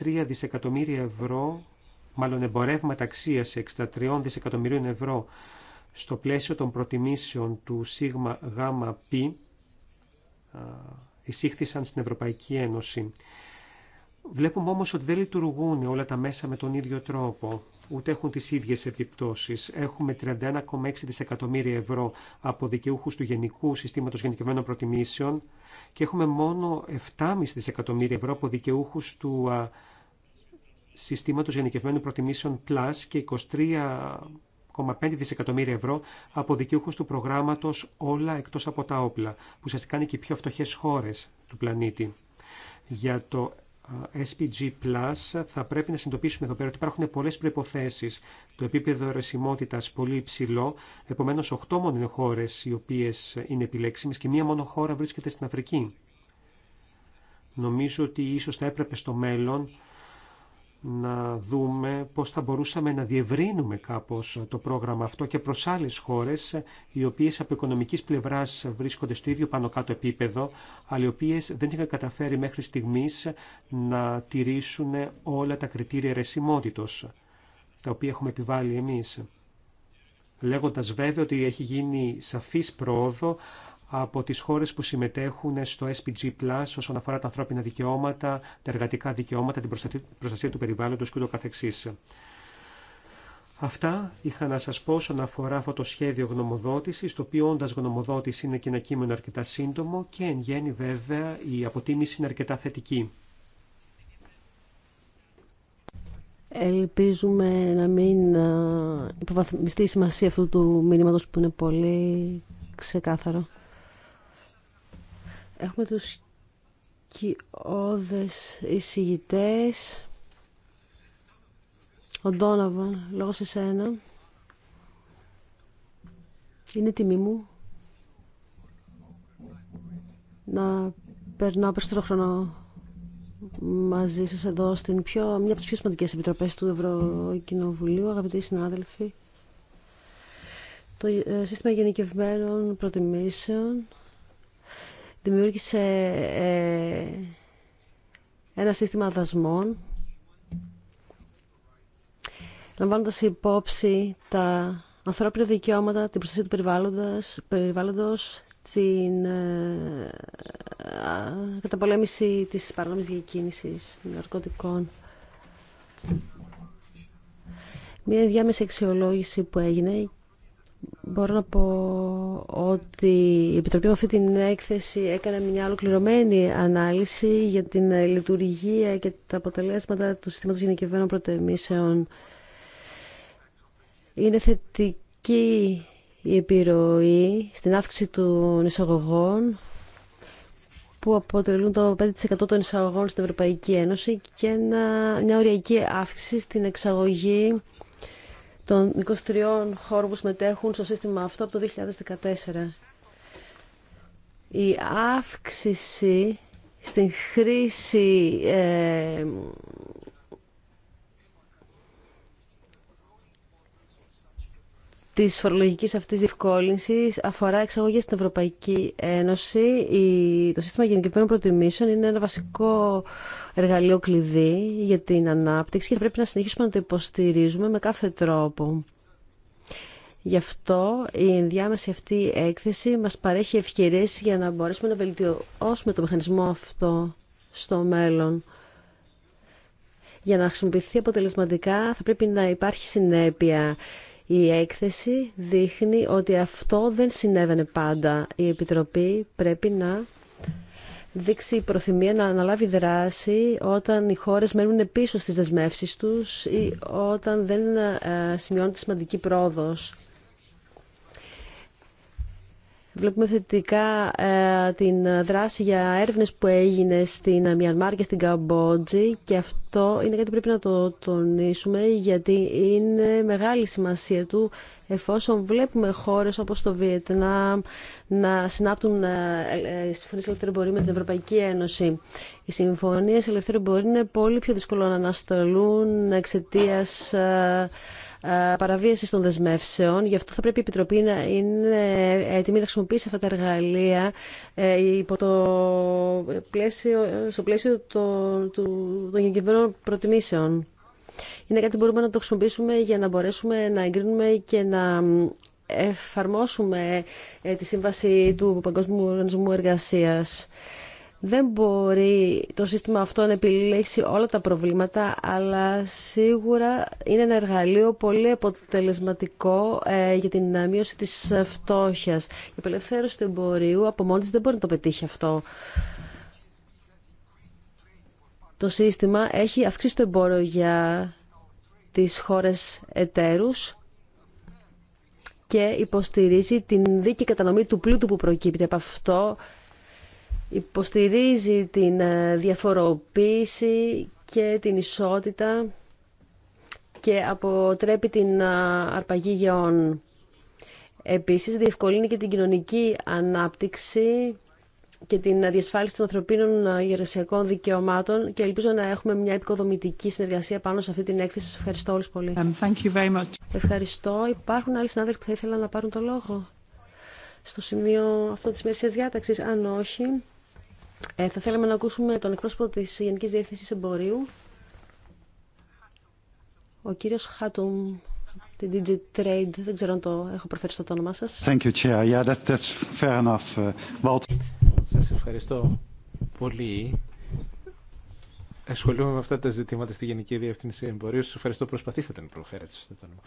63 δισεκατομμύρια ευρώ, μάλλον εμπορεύματα αξία 63 δισεκατομμυρίων ευρώ στο πλαίσιο των προτιμήσεων του σίγμα γάμα πι εισήχθησαν στην Ευρωπαϊκή Ένωση. Βλέπουμε όμως ότι δεν λειτουργούν όλα τα μέσα με τον ίδιο τρόπο ούτε έχουν τις ίδιες επιπτώσεις. Έχουμε 31,6 δισεκατομμύρια ευρώ από δικαιούχους του Γενικού Συστήματος Γενικευμένων Προτιμήσεων και έχουμε μόνο 7,5 δισεκατομμύρια ευρώ από δικαιούχους του Συστήματος Γενικευμένων Προτιμήσεων Plus και 23,5 δισεκατομμύρια ευρώ από δικαιούχου του προγράμματο Όλα εκτός από τα όπλα, που σα κάνει και οι πιο φτωχέ χώρε του πλανήτη. Για το SPG+, θα πρέπει να συνειδητοποιήσουμε εδώ πέρα ότι υπάρχουν πολλές προϋποθέσεις. Το επίπεδο αιρεσιμότητας πολύ υψηλό, επομένως 8 μόνο είναι χώρες οι οποίες είναι επιλέξιμες και μία μόνο χώρα βρίσκεται στην Αφρική. Νομίζω ότι ίσως θα έπρεπε στο μέλλον να δούμε πώς θα μπορούσαμε να διευρύνουμε κάπως το πρόγραμμα αυτό και προς άλλες χώρες οι οποίες από οικονομικής πλευράς βρίσκονται στο ίδιο πάνω κάτω επίπεδο αλλά οι οποίες δεν είχαν καταφέρει μέχρι στιγμής να τηρήσουν όλα τα κριτήρια ρεσιμότητος τα οποία έχουμε επιβάλει εμείς. Λέγοντας βέβαια ότι έχει γίνει σαφής πρόοδο από τις χώρες που συμμετέχουν στο SPG+, όσον αφορά τα ανθρώπινα δικαιώματα, τα εργατικά δικαιώματα, την προστασία του περιβάλλοντος καθεξής. Αυτά είχα να σας πω όσον αφορά αυτό το σχέδιο γνωμοδότησης, το οποίο όντας γνωμοδότηση είναι και ένα κείμενο αρκετά σύντομο και εν γέννη βέβαια η αποτίμηση είναι αρκετά θετική.
Ελπίζουμε να μην υποβαθμιστεί η σημασία αυτού του μήνυματος που είναι πολύ ξεκάθαρο. Έχουμε τους κοιόδες εισηγητές. Ο Ντόναβαν, λόγω σε σένα. Είναι τιμή μου να περνάω περισσότερο χρόνο μαζί σας εδώ στην πιο, μια από τις πιο σημαντικές επιτροπές του Ευρωκοινοβουλίου, αγαπητοί συνάδελφοι. Το ε, σύστημα γενικευμένων προτιμήσεων δημιούργησε ε, ένα σύστημα δασμών λαμβάνοντας υπόψη τα ανθρώπινα δικαιώματα, την προστασία του περιβάλλοντος, την ε, καταπολέμηση της παράνομης διακίνησης ναρκωτικών. Μια διάμεση αξιολόγηση που έγινε Μπορώ να πω ότι η Επιτροπή με αυτή την έκθεση έκανε μια ολοκληρωμένη ανάλυση για την λειτουργία και τα αποτελέσματα του συστήματος γενικευμένων προτεμήσεων. Είναι θετική η επιρροή στην αύξηση των εισαγωγών που αποτελούν το 5% των εισαγωγών στην Ευρωπαϊκή Ένωση και μια οριακή αύξηση στην εξαγωγή των 23 χώρων που συμμετέχουν στο σύστημα αυτό από το 2014. Η αύξηση στην χρήση ε, τη φορολογική αυτή διευκόλυνση αφορά εξαγωγέ στην Ευρωπαϊκή Ένωση. Το σύστημα γενικευμένων προτιμήσεων είναι ένα βασικό εργαλείο κλειδί για την ανάπτυξη και πρέπει να συνεχίσουμε να το υποστηρίζουμε με κάθε τρόπο. Γι' αυτό η ενδιάμεση αυτή έκθεση μας παρέχει ευκαιρίες για να μπορέσουμε να βελτιώσουμε το μηχανισμό αυτό στο μέλλον. Για να χρησιμοποιηθεί αποτελεσματικά θα πρέπει να υπάρχει συνέπεια η έκθεση δείχνει ότι αυτό δεν συνέβαινε πάντα. Η Επιτροπή πρέπει να δείξει προθυμία να αναλάβει δράση όταν οι χώρες μένουν πίσω στις δεσμεύσεις τους ή όταν δεν ε, σημειώνεται σημαντική πρόοδος. Βλέπουμε θετικά ε, την δράση για έρευνες που έγινε στην Μιανμάρ και στην Καμπότζη και αυτό είναι κάτι πρέπει να το τονίσουμε γιατί είναι μεγάλη σημασία του εφόσον βλέπουμε χώρες όπως το Βιετνάμ να συνάπτουν ε, ε, συμφωνίες ελευθερία μπορεί με την Ευρωπαϊκή Ένωση. Οι συμφωνίες ελευθερία μπορεί είναι πολύ πιο δύσκολο να αναστολούν εξαιτία ε, παραβίαση των δεσμεύσεων. Γι' αυτό θα πρέπει η Επιτροπή να είναι έτοιμη να χρησιμοποιήσει αυτά τα εργαλεία ε, υπό το πλαίσιο, στο πλαίσιο των, γενικευμένων προτιμήσεων. Είναι κάτι που μπορούμε να το χρησιμοποιήσουμε για να μπορέσουμε να εγκρίνουμε και να εφαρμόσουμε ε, τη σύμβαση του Παγκόσμιου Οργανισμού Εργασίας. Δεν μπορεί το σύστημα αυτό να επιλέξει όλα τα προβλήματα, αλλά σίγουρα είναι ένα εργαλείο πολύ αποτελεσματικό ε, για την μείωση της φτώχειας. Η απελευθέρωση του εμπορίου από μόνη της δεν μπορεί να το πετύχει αυτό. Το σύστημα έχει αυξήσει το εμπόριο για τις χώρες εταίρους και υποστηρίζει την δίκαιη κατανομή του πλούτου που προκύπτει από αυτό υποστηρίζει την ε, διαφοροποίηση και την ισότητα και αποτρέπει την ε, αρπαγή γεών. Επίσης, διευκολύνει και την κοινωνική ανάπτυξη και την διασφάλιση των ανθρωπίνων ε, γερασιακών δικαιωμάτων και ελπίζω να έχουμε μια επικοδομητική συνεργασία πάνω σε αυτή την έκθεση. Σας ευχαριστώ όλους πολύ. Um, thank you very much. Ευχαριστώ. Υπάρχουν άλλοι συνάδελφοι που θα ήθελαν να πάρουν το λόγο στο σημείο αυτό της μέσης διάταξης. Αν όχι, ε, θα θέλαμε να ακούσουμε τον εκπρόσωπο της Γενικής Διεύθυνσης Εμπορίου, ο κύριος Χάτουμ, την DigiTrade. Δεν ξέρω αν το έχω προφέρει στο όνομά σα. Thank
you, Chair. Yeah, that's enough. Uh, σας
ευχαριστώ πολύ. Ασχολούμαι με αυτά τα ζητήματα στη Γενική Διεύθυνση Εμπορίου. Σας ευχαριστώ που προσπαθήσατε να προφέρετε στο όνομα.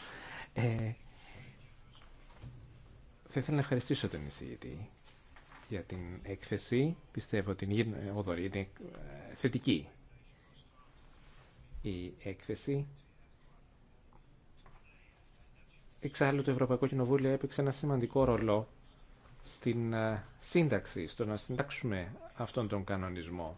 Ε, θα ήθελα να ευχαριστήσω τον εισηγητή για την έκθεση. Πιστεύω ότι είναι ε, θετική η έκθεση. Εξάλλου το Ευρωπαϊκό Κοινοβούλιο έπαιξε ένα σημαντικό ρόλο στην ε, σύνταξη, στο να συντάξουμε αυτόν τον κανονισμό.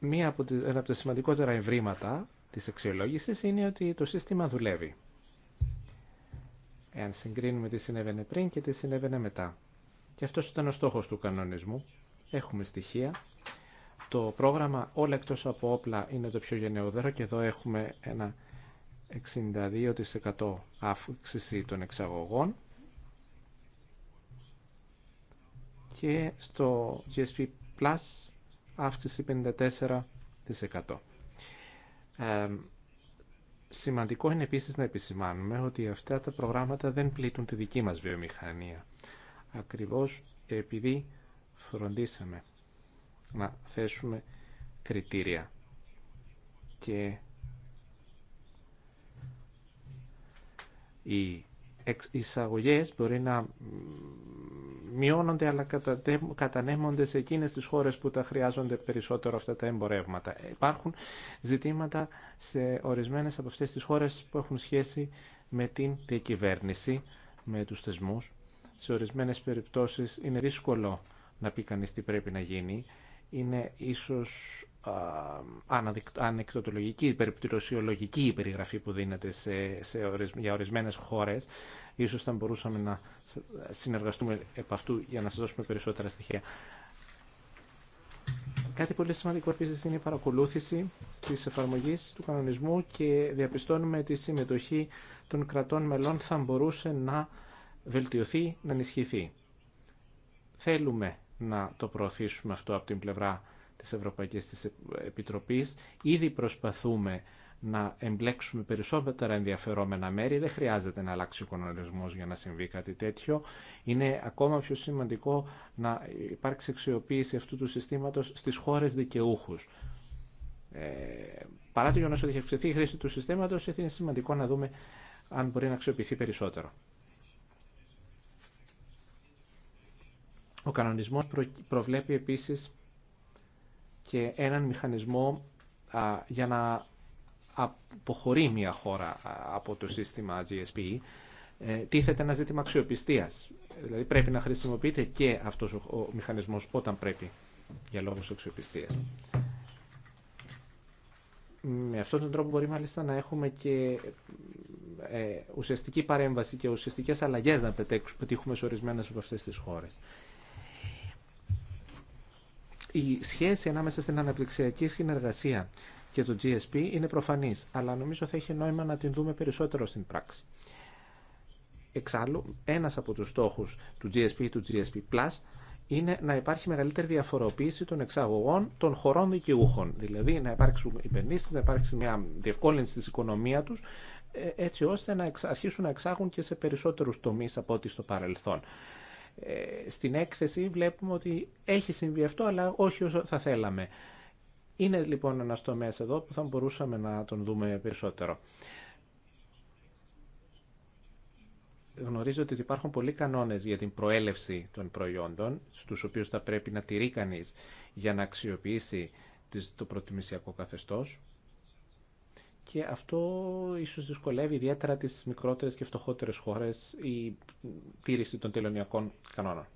Μία από τα, ένα από τα σημαντικότερα ευρήματα της αξιολόγησης είναι ότι το σύστημα δουλεύει εάν συγκρίνουμε τι συνέβαινε πριν και τι συνέβαινε μετά. Και αυτός ήταν ο στόχος του κανονισμού. Έχουμε στοιχεία. Το πρόγραμμα όλα εκτό από όπλα είναι το πιο γενναιοδέρο και εδώ έχουμε ένα 62% αύξηση των εξαγωγών και στο GSP Plus αύξηση 54%. Σημαντικό είναι επίσης να επισημάνουμε ότι αυτά τα προγράμματα δεν πλήττουν τη δική μας βιομηχανία. Ακριβώς επειδή φροντίσαμε να θέσουμε κριτήρια και η εισαγωγές μπορεί να μειώνονται αλλά κατανέμονται σε εκείνες τις χώρες που τα χρειάζονται περισσότερο αυτά τα εμπορεύματα. Υπάρχουν ζητήματα σε ορισμένες από αυτές τις χώρες που έχουν σχέση με την διακυβέρνηση, με τους θεσμούς. Σε ορισμένες περιπτώσεις είναι δύσκολο να πει κανείς τι πρέπει να γίνει είναι ίσως ανεκδοτολογική, περιπτωσιολογική η περιγραφή που δίνεται σε, σε για ορισμένες χώρες. Ίσως θα μπορούσαμε να συνεργαστούμε επ' αυτού για να σας δώσουμε περισσότερα στοιχεία. Κάτι πολύ σημαντικό επίσης είναι η παρακολούθηση της εφαρμογής του κανονισμού και διαπιστώνουμε ότι η συμμετοχή των κρατών μελών θα μπορούσε να βελτιωθεί, να ενισχυθεί. Θέλουμε να το προωθήσουμε αυτό από την πλευρά της Ευρωπαϊκής της Επιτροπής. Ήδη προσπαθούμε να εμπλέξουμε περισσότερα ενδιαφερόμενα μέρη. Δεν χρειάζεται να αλλάξει ο κανονισμός για να συμβεί κάτι τέτοιο. Είναι ακόμα πιο σημαντικό να υπάρξει αξιοποίηση αυτού του συστήματος στις χώρες δικαιούχους. Ε, παρά το γεγονό ότι έχει αυξηθεί η χρήση του συστήματος, είναι σημαντικό να δούμε αν μπορεί να αξιοποιηθεί περισσότερο. Ο κανονισμός προβλέπει επίσης και έναν μηχανισμό για να αποχωρεί μια χώρα από το σύστημα GSP, ε, τίθεται ένα ζήτημα αξιοπιστία. Δηλαδή πρέπει να χρησιμοποιείται και αυτός ο μηχανισμός όταν πρέπει για λόγους αξιοπιστία. Με αυτόν τον τρόπο μπορεί μάλιστα να έχουμε και ε, ουσιαστική παρέμβαση και ουσιαστικές αλλαγές να πετύχουμε σε ορισμένες από αυτές τις χώρες η σχέση ανάμεσα στην αναπτυξιακή συνεργασία και το GSP είναι προφανής, αλλά νομίζω θα έχει νόημα να την δούμε περισσότερο στην πράξη. Εξάλλου, ένας από τους στόχους του GSP ή του GSP Plus είναι να υπάρχει μεγαλύτερη διαφοροποίηση των εξαγωγών των χωρών δικαιούχων. Δηλαδή να υπάρξουν επενδύσει, να υπάρξει μια διευκόλυνση τη οικονομία του, ε, έτσι ώστε να αρχίσουν να εξάγουν και σε περισσότερου τομεί από ό,τι στο παρελθόν. Ε, στην έκθεση βλέπουμε ότι έχει συμβεί αυτό, αλλά όχι όσο θα θέλαμε. Είναι λοιπόν ένας τομέας εδώ που θα μπορούσαμε να τον δούμε περισσότερο. Γνωρίζω ότι υπάρχουν πολλοί κανόνες για την προέλευση των προϊόντων, στους οποίους θα πρέπει να τηρεί κανείς για να αξιοποιήσει το προτιμησιακό καθεστώς και αυτό ίσως δυσκολεύει ιδιαίτερα τις μικρότερες και φτωχότερε χώρες η τήρηση των τελωνιακών κανόνων.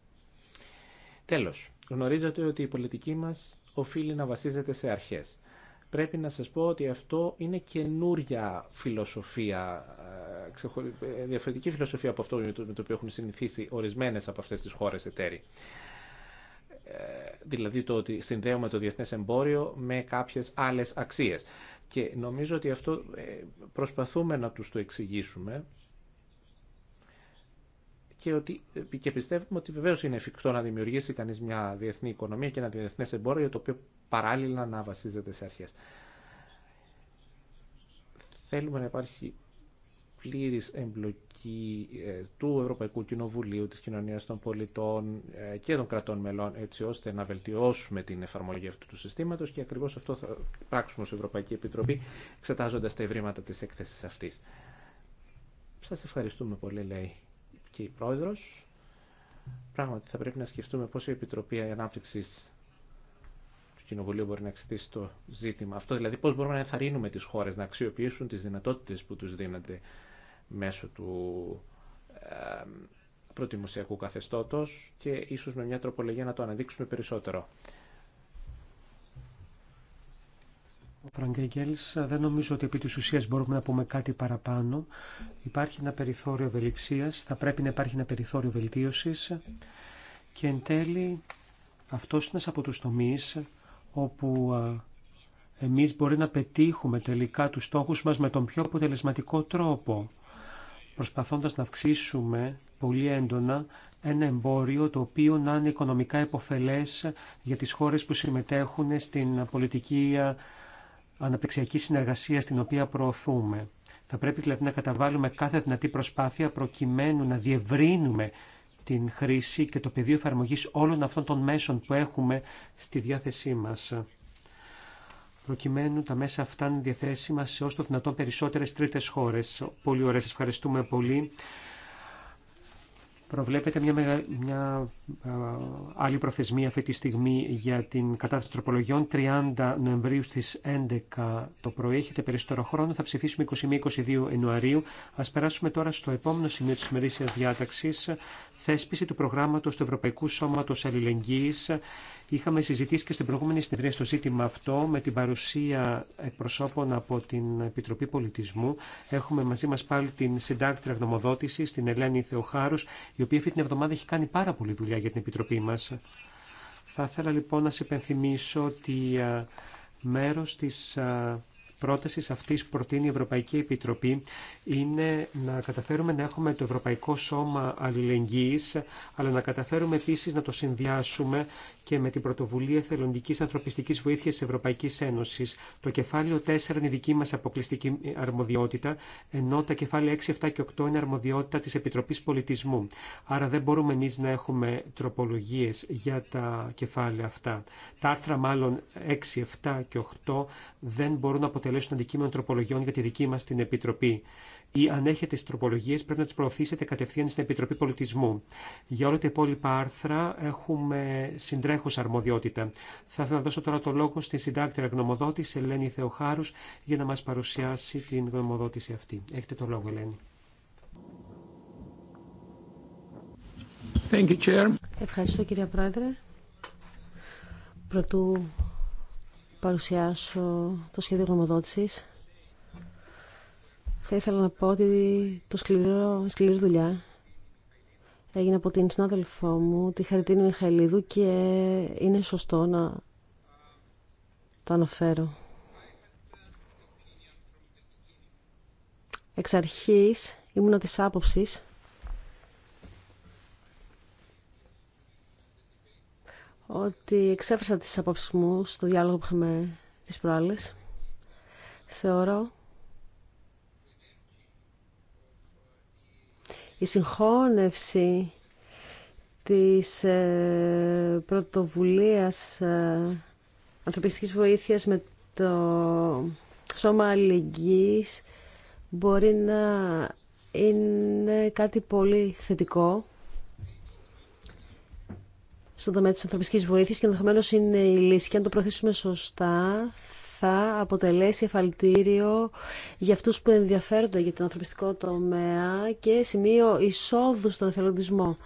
Τέλος, γνωρίζετε ότι η πολιτική μας οφείλει να βασίζεται σε αρχές. Πρέπει να σας πω ότι αυτό είναι καινούρια φιλοσοφία, ε, ε, διαφορετική φιλοσοφία από αυτό με το οποίο έχουν συνηθίσει ορισμένες από αυτές τις χώρες εταίροι ε, δηλαδή το ότι συνδέουμε το διεθνές εμπόριο με κάποιες άλλες αξίες. Και νομίζω ότι αυτό ε, προσπαθούμε να τους το εξηγήσουμε και, ότι, ε, και πιστεύουμε ότι βεβαίω είναι εφικτό να δημιουργήσει κανεί μια διεθνή οικονομία και ένα διεθνέ εμπόριο το οποίο παράλληλα να βασίζεται σε αρχέ. Θέλουμε να υπάρχει Πλήρη εμπλοκή ε, του Ευρωπαϊκού Κοινοβουλίου, τη Κοινωνία των Πολιτών ε, και των κρατών μελών έτσι ώστε να βελτιώσουμε την εφαρμογή αυτού του συστήματο και ακριβώ αυτό θα πράξουμε ω Ευρωπαϊκή Επιτροπή εξετάζοντα τα ευρήματα τη εκθέση αυτή. Σα ευχαριστούμε πολύ λέει και η πρόεδρο. Πράγματι θα πρέπει να σκεφτούμε πώς η Επιτροπή του Κοινοβουλίου μπορεί να εξετάσει το ζήτημα αυτό, δηλαδή πώς μπορούμε να ενθαρρύνουμε τις χώρες να αξιοποιήσουν τις δυνατότητες που τους δίνονται μέσω του προτιμουσιακού καθεστώτος και ίσως με μια τροπολογία να το αναδείξουμε περισσότερο.
Ο Φραγκέγγελς, δεν νομίζω ότι επί της ουσίας μπορούμε να πούμε κάτι παραπάνω. Υπάρχει ένα περιθώριο ευελιξίας, θα πρέπει να υπάρχει ένα περιθώριο βελτίωσης και εν τέλει αυτός είναι από τους τομείς όπου εμείς μπορεί να πετύχουμε τελικά τους στόχους μας με τον πιο αποτελεσματικό τρόπο προσπαθώντας να αυξήσουμε πολύ έντονα ένα εμπόριο το οποίο να είναι οικονομικά υποφελές για τις χώρες που συμμετέχουν στην πολιτική ε, αναπτυξιακή συνεργασία στην οποία προωθούμε. Θα πρέπει δηλαδή να καταβάλουμε κάθε δυνατή προσπάθεια προκειμένου να διευρύνουμε την χρήση και το πεδίο εφαρμογής όλων αυτών των μέσων που έχουμε στη διάθεσή μας προκειμένου τα μέσα αυτά να είναι διαθέσιμα σε όσο το δυνατόν περισσότερες τρίτες χώρες. Πολύ ωραία, σα ευχαριστούμε πολύ. Προβλέπετε μια, μια άλλη προθεσμία αυτή τη στιγμή για την κατάθεση τροπολογιών 30 Νοεμβρίου στις 11 το πρωί. Έχετε περισσότερο χρόνο. Θα ψηφίσουμε 21-22 Ιανουαρίου. Ας περάσουμε τώρα στο επόμενο σημείο της ημερήσιας διάταξης θέσπιση του προγράμματος του Ευρωπαϊκού Σώματος Αλληλεγγύης. Είχαμε συζητήσει και στην προηγούμενη συνεδρία στο ζήτημα αυτό με την παρουσία εκπροσώπων από την Επιτροπή Πολιτισμού. Έχουμε μαζί μας πάλι την συντάκτρια γνωμοδότηση, την Ελένη Θεοχάρους, η οποία αυτή την εβδομάδα έχει κάνει πάρα πολλή δουλειά για την Επιτροπή μας. Θα ήθελα λοιπόν να σε υπενθυμίσω ότι ε, μέρος της ε, πρότασης αυτής που προτείνει η Ευρωπαϊκή Επιτροπή είναι να καταφέρουμε να έχουμε το Ευρωπαϊκό Σώμα Αλληλεγγύης, αλλά να καταφέρουμε επίσης να το συνδυάσουμε και με την πρωτοβουλία θελοντική ανθρωπιστική βοήθεια τη Ευρωπαϊκή Ένωση. Το κεφάλαιο 4 είναι δική μα αποκλειστική αρμοδιότητα, ενώ τα κεφάλαια 6, 7 και 8 είναι αρμοδιότητα τη Επιτροπή Πολιτισμού. Άρα δεν μπορούμε εμεί να έχουμε τροπολογίε για τα κεφάλαια αυτά. Τα άρθρα μάλλον 6, 7 και 8 δεν μπορούν να αποτελέσουν αντικείμενο τροπολογιών για τη δική μα την Επιτροπή ή αν έχετε τι τροπολογίε πρέπει να τι προωθήσετε κατευθείαν στην Επιτροπή Πολιτισμού. Για όλα τα υπόλοιπα άρθρα έχουμε συντρέχου αρμοδιότητα. Θα ήθελα να δώσω τώρα το λόγο στην συντάκτρια γνωμοδότηση Ελένη Θεοχάρου για να μα παρουσιάσει την γνωμοδότηση αυτή. Έχετε το λόγο, Ελένη.
Thank you, Chair. Ευχαριστώ κύριε Πρόεδρε. Πρωτού παρουσιάσω το σχέδιο γνωμοδότησης. Θα ήθελα να πω ότι το σκληρό, σκληρή δουλειά έγινε από την συνάδελφό μου, τη Χαριτίνη Μιχαηλίδου και είναι σωστό να το αναφέρω. Εξ αρχής ήμουν της άποψης ότι εξέφρασα τις απόψεις μου στο διάλογο που είχαμε τις προάλλες. Θεωρώ η συγχώνευση της ε, πρωτοβουλίας ε, ανθρωπιστικής βοήθειας με το σώμα αλληλεγγύης μπορεί να είναι κάτι πολύ θετικό στον τομέα της ανθρωπιστικής βοήθειας και ενδεχομένω είναι η λύση. Και αν το προωθήσουμε σωστά θα αποτελέσει εφαλτήριο για αυτούς που ενδιαφέρονται για τον ανθρωπιστικό τομέα και σημείο εισόδου στον εθελοντισμό.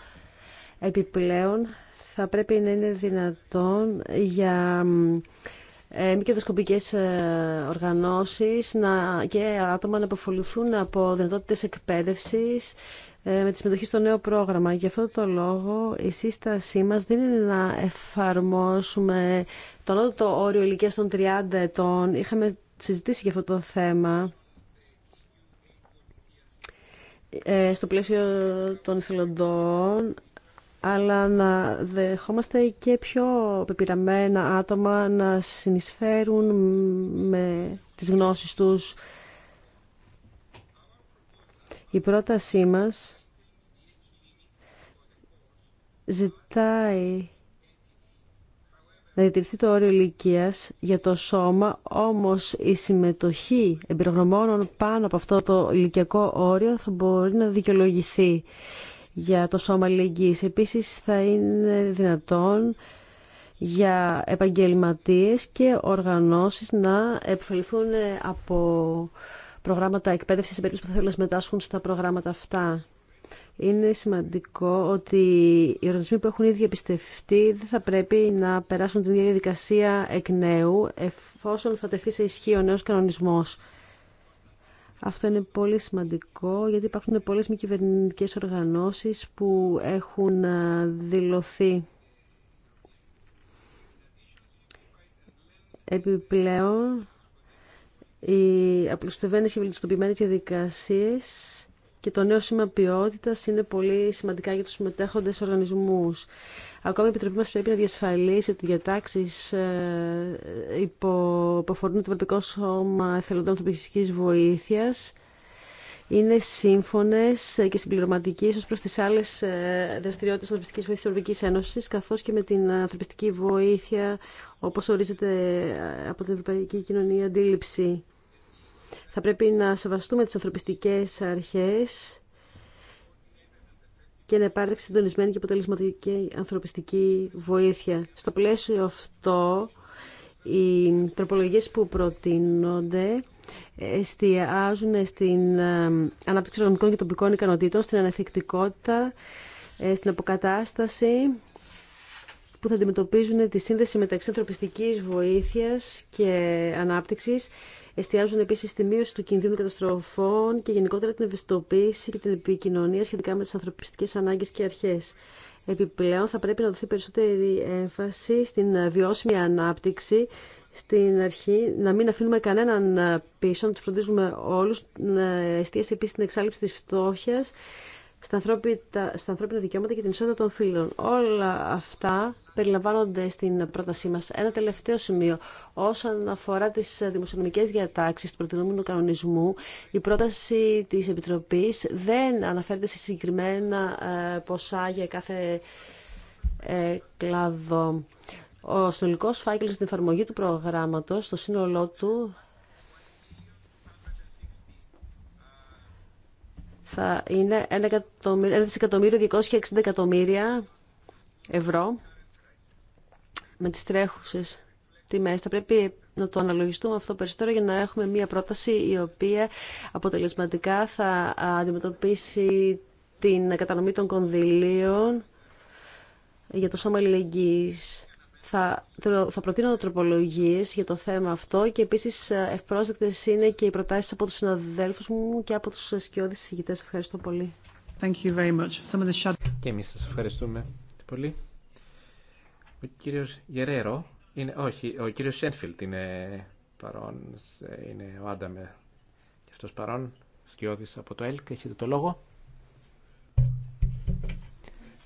Επιπλέον, θα πρέπει να είναι δυνατόν για ε, μη κερδοσκοπικέ ε, οργανώσεις να, και άτομα να αποφοληθούν από δυνατότητες εκπαίδευσης ε, με τη συμμετοχή στο νέο πρόγραμμα. Γι' αυτό το λόγο η σύστασή μας δεν είναι να εφαρμόσουμε τον το όριο ηλικία των 30 ετών. Είχαμε συζητήσει για αυτό το θέμα ε, στο πλαίσιο των θελοντών αλλά να δεχόμαστε και πιο πεπειραμένα άτομα να συνεισφέρουν με τις γνώσεις τους η πρότασή μας ζητάει να διατηρηθεί το όριο ηλικία για το σώμα, όμως η συμμετοχή εμπειρογνωμόνων πάνω από αυτό το ηλικιακό όριο θα μπορεί να δικαιολογηθεί για το σώμα αλληλεγγύης. Επίσης θα είναι δυνατόν για επαγγελματίες και οργανώσεις να επιφελθούν από προγράμματα εκπαίδευση σε περίπτωση που θα θέλουν να συμμετάσχουν στα προγράμματα αυτά. Είναι σημαντικό ότι οι οργανισμοί που έχουν ήδη εμπιστευτεί δεν θα πρέπει να περάσουν την ίδια διαδικασία εκ νέου εφόσον θα τεθεί σε ισχύ ο νέο κανονισμό. Αυτό είναι πολύ σημαντικό γιατί υπάρχουν πολλές μη κυβερνητικέ οργανώσεις που έχουν δηλωθεί. Επιπλέον, οι απλουστευμένε και βελτιστοποιημένε διαδικασίε και το νέο σήμα ποιότητα είναι πολύ σημαντικά για του συμμετέχοντε οργανισμού. Ακόμα η Επιτροπή μα πρέπει να διασφαλίσει ότι οι διατάξει ε, που αφορούν το Ευρωπαϊκό Σώμα Εθελοντών Ανθρωπιστική Βοήθεια είναι σύμφωνε και συμπληρωματικέ ω προ τι άλλε δραστηριότητε ανθρωπιστική βοήθεια τη Ευρωπαϊκή Ένωση, καθώ και με την ανθρωπιστική βοήθεια όπω ορίζεται από την Ευρωπαϊκή Κοινωνία Αντίληψη. Θα πρέπει να σεβαστούμε τις ανθρωπιστικές αρχές και να υπάρξει συντονισμένη και αποτελεσματική ανθρωπιστική βοήθεια. Στο πλαίσιο αυτό, οι τροπολογίες που προτείνονται εστιάζουν στην ε, ανάπτυξη οργανικών και τοπικών ικανοτήτων, στην ανεφικτικότητα, ε, στην αποκατάσταση που θα αντιμετωπίζουν τη σύνδεση μεταξύ ανθρωπιστική βοήθεια και ανάπτυξη. Εστιάζουν επίση στη μείωση του κινδύνου καταστροφών και γενικότερα την ευαισθητοποίηση και την επικοινωνία σχετικά με τι ανθρωπιστικέ ανάγκε και αρχέ. Επιπλέον θα πρέπει να δοθεί περισσότερη έμφαση στην βιώσιμη ανάπτυξη στην αρχή, να μην αφήνουμε κανέναν πίσω, να του φροντίζουμε όλου, να εστίασε επίσης την εξάλληψη τη φτώχεια στα ανθρώπινα δικαιώματα και την ισότητα των φίλων. Όλα αυτά περιλαμβάνονται στην πρότασή μας. Ένα τελευταίο σημείο. Όσον αφορά τις δημοσιονομικές διατάξεις του προτινόμενου κανονισμού, η πρόταση της Επιτροπής δεν αναφέρεται σε συγκεκριμένα ε, ποσά για κάθε ε, κλάδο. Ο συνολικός φάκελος στην εφαρμογή του προγράμματος, στο σύνολό του, θα είναι 1 δισεκατομμύριο 260 εκατομμύρια ευρώ με τις τρέχουσες τιμές. Θα πρέπει να το αναλογιστούμε αυτό περισσότερο για να έχουμε μία πρόταση η οποία αποτελεσματικά θα αντιμετωπίσει την κατανομή των κονδυλίων για το σώμα αλληλεγγύης. Θα, θα προτείνω τροπολογίε για το θέμα αυτό και επίσης ε, ευπρόσδεκτες είναι και οι προτάσει από του συναδέλφους μου και από τους σκιώδει συζητητές. Ευχαριστώ πολύ. Thank you very much. Some of the...
Και εμεί σας ευχαριστούμε πολύ. Ο κύριος
Γερέρο είναι,
όχι, ο κύριος Σένφιλτ είναι παρόν, είναι ο Άνταμε και αυτός παρόν, σκιώδης από το ΕΛΚ, έχετε το λόγο.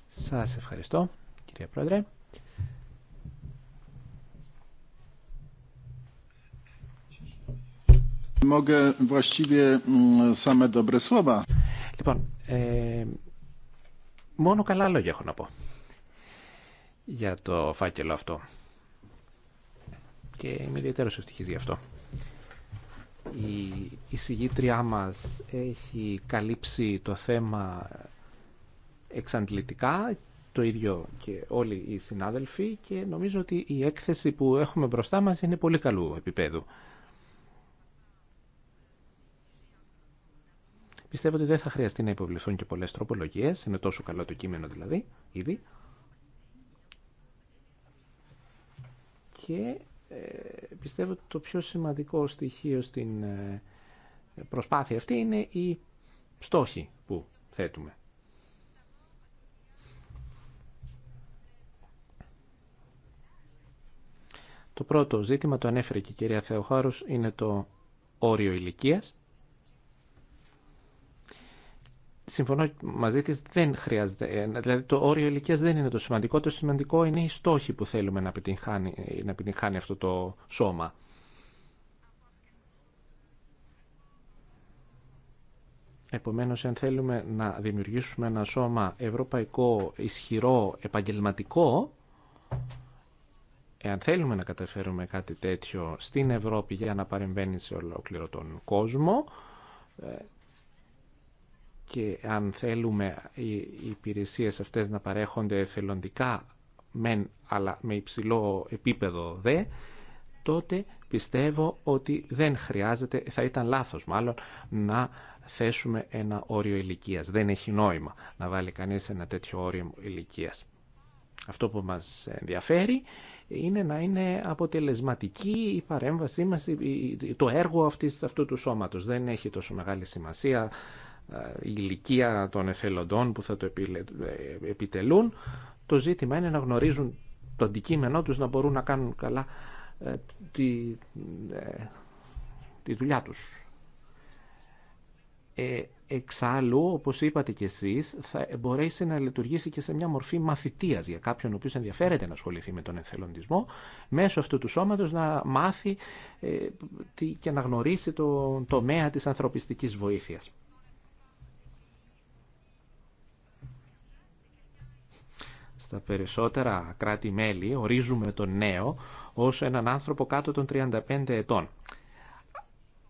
Σας ευχαριστώ,
κύριε Πρόεδρε. Mogę właściwie mm, same dobre słowa.
Λοιπόν, ε, μόνο καλά λόγια έχω να πω για το φάκελο αυτό. Και είμαι ιδιαίτερο ευτυχή γι' αυτό. Η εισηγήτριά μα έχει καλύψει το θέμα εξαντλητικά, το ίδιο και όλοι οι συνάδελφοι και νομίζω ότι η έκθεση που έχουμε μπροστά μας είναι πολύ καλού επίπεδου. Πιστεύω ότι δεν θα χρειαστεί να υποβληθούν και πολλές τροπολογίες, είναι τόσο καλό το κείμενο δηλαδή, ήδη. Και ε, πιστεύω ότι το πιο σημαντικό στοιχείο στην ε, προσπάθεια αυτή είναι οι στόχοι που θέτουμε. Το πρώτο ζήτημα, το ανέφερε και η κυρία Θεοχάρους, είναι το όριο ηλικίας συμφωνώ μαζί της, δεν χρειάζεται. Ε, δηλαδή το όριο ηλικία δεν είναι το σημαντικό. Το σημαντικό είναι οι στόχοι που θέλουμε να επιτυγχάνει, να αυτό το σώμα. Επομένως, αν θέλουμε να δημιουργήσουμε ένα σώμα ευρωπαϊκό, ισχυρό, επαγγελματικό, εάν θέλουμε να καταφέρουμε κάτι τέτοιο στην Ευρώπη για να παρεμβαίνει σε ολόκληρο τον κόσμο, ε, και αν θέλουμε οι υπηρεσίες αυτές να παρέχονται εθελοντικά μεν αλλά με υψηλό επίπεδο δε, τότε πιστεύω ότι δεν χρειάζεται, θα ήταν λάθος μάλλον, να θέσουμε ένα όριο ηλικίας. Δεν έχει νόημα να βάλει κανείς ένα τέτοιο όριο ηλικίας. Αυτό που μας ενδιαφέρει είναι να είναι αποτελεσματική η παρέμβασή μας, το έργο αυτής, αυτού του σώματος. Δεν έχει τόσο μεγάλη σημασία η ε, ηλικία των εθελοντών που θα το ε, επιτελούν. Το ζήτημα είναι να γνωρίζουν το αντικείμενό τους, να μπορούν να κάνουν καλά ε, τη, τη δουλειά τους. Ε, εξάλλου, όπως είπατε κι εσείς, θα μπορέσει να λειτουργήσει και σε μια μορφή μαθητείας για κάποιον ο οποίος ενδιαφέρεται να ασχοληθεί με τον εθελοντισμό, μέσω αυτού του σώματος να μάθει και να γνωρίσει το τομέα της ανθρωπιστικής βοήθειας. Στα περισσότερα κράτη-μέλη ορίζουμε τον νέο ως έναν άνθρωπο κάτω των 35 ετών.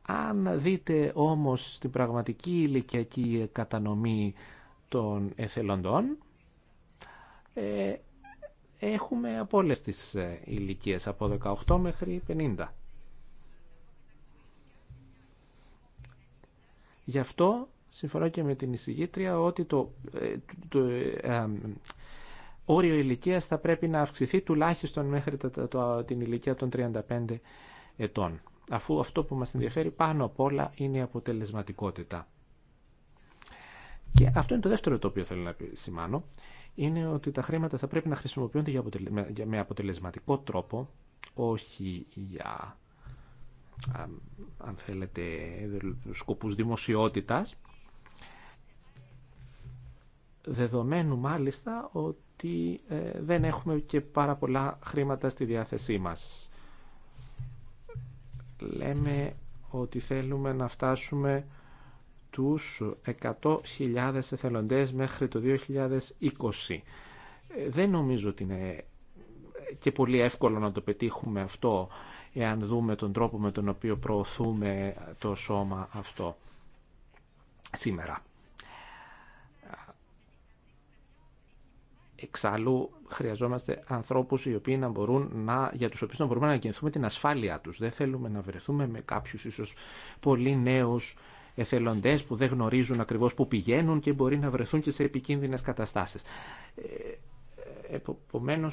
Αν δείτε όμως την πραγματική ηλικιακή κατανομή των εθελοντών, ε, έχουμε από όλες τις ε, ηλικίες, από 18 μέχρι 50. Γι' αυτό συμφωνώ και με την εισηγήτρια ότι το, ε, όριο ηλικίας θα πρέπει να αυξηθεί τουλάχιστον μέχρι την ηλικία των 35 ετών. Αφού αυτό που μας ενδιαφέρει πάνω απ' όλα είναι η αποτελεσματικότητα. Και αυτό είναι το δεύτερο το οποίο θέλω να σημάνω, είναι ότι τα χρήματα θα πρέπει να χρησιμοποιούνται με αποτελεσματικό τρόπο, όχι για αν θέλετε, σκοπούς δημοσιότητας, δεδομένου μάλιστα ότι ότι ε, δεν έχουμε και πάρα πολλά χρήματα στη διάθεσή μας. Λέμε ότι θέλουμε να φτάσουμε τους 100.000 εθελοντές μέχρι το 2020. Ε, δεν νομίζω ότι είναι και πολύ εύκολο να το πετύχουμε αυτό εάν δούμε τον τρόπο με τον οποίο προωθούμε το σώμα αυτό σήμερα. Εξάλλου χρειαζόμαστε ανθρώπους οι οποίοι μπορούν να, για τους οποίους να μπορούμε να ανακοινθούμε την ασφάλεια τους. Δεν θέλουμε να βρεθούμε με κάποιους ίσως πολύ νέους εθελοντές που δεν γνωρίζουν ακριβώς που πηγαίνουν και μπορεί να βρεθούν και σε επικίνδυνες καταστάσεις. Ε, ε, Επομένω,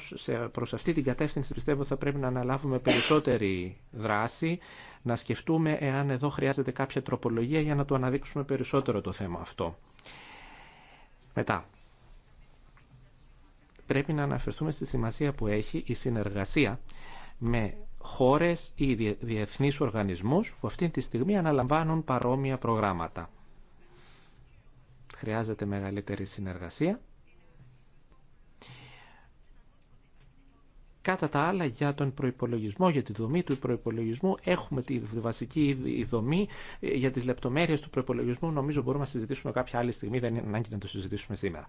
προς αυτή την κατεύθυνση πιστεύω θα πρέπει να αναλάβουμε περισσότερη δράση, να σκεφτούμε εάν εδώ χρειάζεται κάποια τροπολογία για να το αναδείξουμε περισσότερο το θέμα αυτό. Μετά, πρέπει να αναφερθούμε στη σημασία που έχει η συνεργασία με χώρες ή διεθνείς οργανισμούς που αυτή τη στιγμή αναλαμβάνουν παρόμοια προγράμματα. Χρειάζεται μεγαλύτερη συνεργασία. Κατά τα άλλα, για τον προϋπολογισμό, για τη δομή του προϋπολογισμού έχουμε τη βασική δομή. Για τις λεπτομέρειε του προπολογισμού, νομίζω μπορούμε να συζητήσουμε κάποια άλλη στιγμή. Δεν είναι ανάγκη να το συζητήσουμε σήμερα.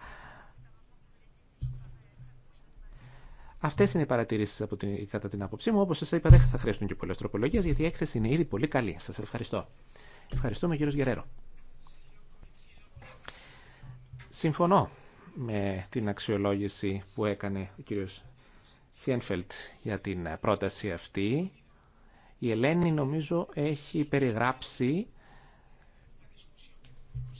Αυτέ είναι οι παρατηρήσει κατά την άποψή μου. Όπω σα είπα, δεν θα χρειαστούν και πολλέ τροπολογίε, γιατί η έκθεση είναι ήδη πολύ καλή. Σα ευχαριστώ. Ευχαριστούμε, κύριο Γερέρο. Συμφωνώ με την αξιολόγηση που έκανε ο κύριος Σιένφελτ για την πρόταση αυτή. Η Ελένη νομίζω έχει περιγράψει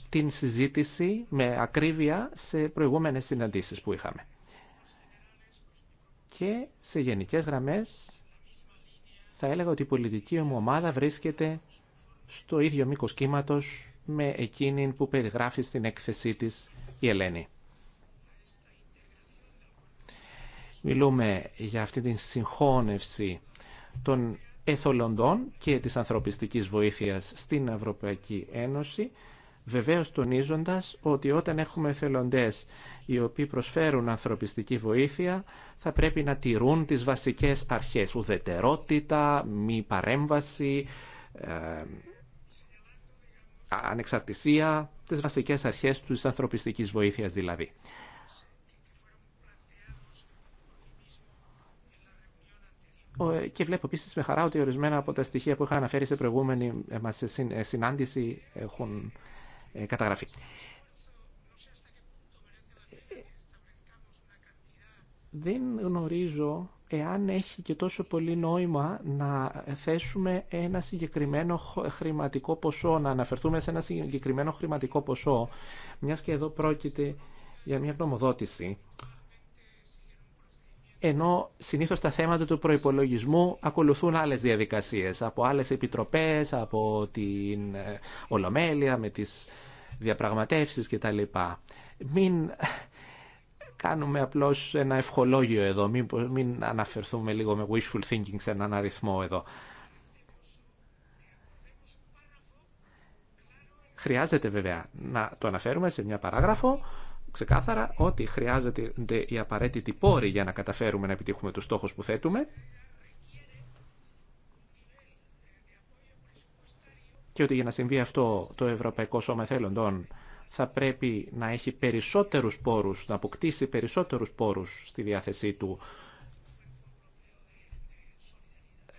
την συζήτηση με ακρίβεια σε προηγούμενες συναντήσεις που είχαμε και σε γενικές γραμμές θα έλεγα ότι η πολιτική μου ομάδα βρίσκεται στο ίδιο μήκος κύματος με εκείνη που περιγράφει στην έκθεσή της η Ελένη. Μιλούμε για αυτή την συγχώνευση των εθολοντών και της ανθρωπιστικής βοήθειας στην Ευρωπαϊκή Ένωση, βεβαίως τονίζοντας ότι όταν έχουμε εθελοντές οι οποίοι προσφέρουν ανθρωπιστική βοήθεια θα πρέπει να τηρούν τις βασικές αρχές ουδετερότητα, μη παρέμβαση, ε, ανεξαρτησία, τις βασικές αρχές της ανθρωπιστικής βοήθειας δηλαδή. Και βλέπω επίση με χαρά ότι ορισμένα από τα στοιχεία που είχα αναφέρει σε προηγούμενη ε, μας ε, συνάντηση έχουν καταγραφεί. δεν γνωρίζω εάν έχει και τόσο πολύ νόημα να θέσουμε ένα συγκεκριμένο χρηματικό ποσό, να αναφερθούμε σε ένα συγκεκριμένο χρηματικό ποσό, μιας και εδώ πρόκειται για μια γνωμοδότηση, ενώ συνήθως τα θέματα του προϋπολογισμού ακολουθούν άλλες διαδικασίες, από άλλες επιτροπές, από την ε, Ολομέλεια, με τις διαπραγματεύσεις κτλ. Μην Κάνουμε απλώς ένα ευχολόγιο εδώ, μην, μην αναφερθούμε λίγο με wishful thinking σε έναν αριθμό εδώ. Χρειάζεται βέβαια να το αναφέρουμε σε μια παράγραφο, ξεκάθαρα, ότι χρειάζεται η απαραίτητη πόρη για να καταφέρουμε να επιτύχουμε τους στόχους που θέτουμε και ότι για να συμβεί αυτό το Ευρωπαϊκό Σώμα Θέλοντων θα πρέπει να έχει περισσότερους πόρους, να αποκτήσει περισσότερους πόρους στη διάθεσή του,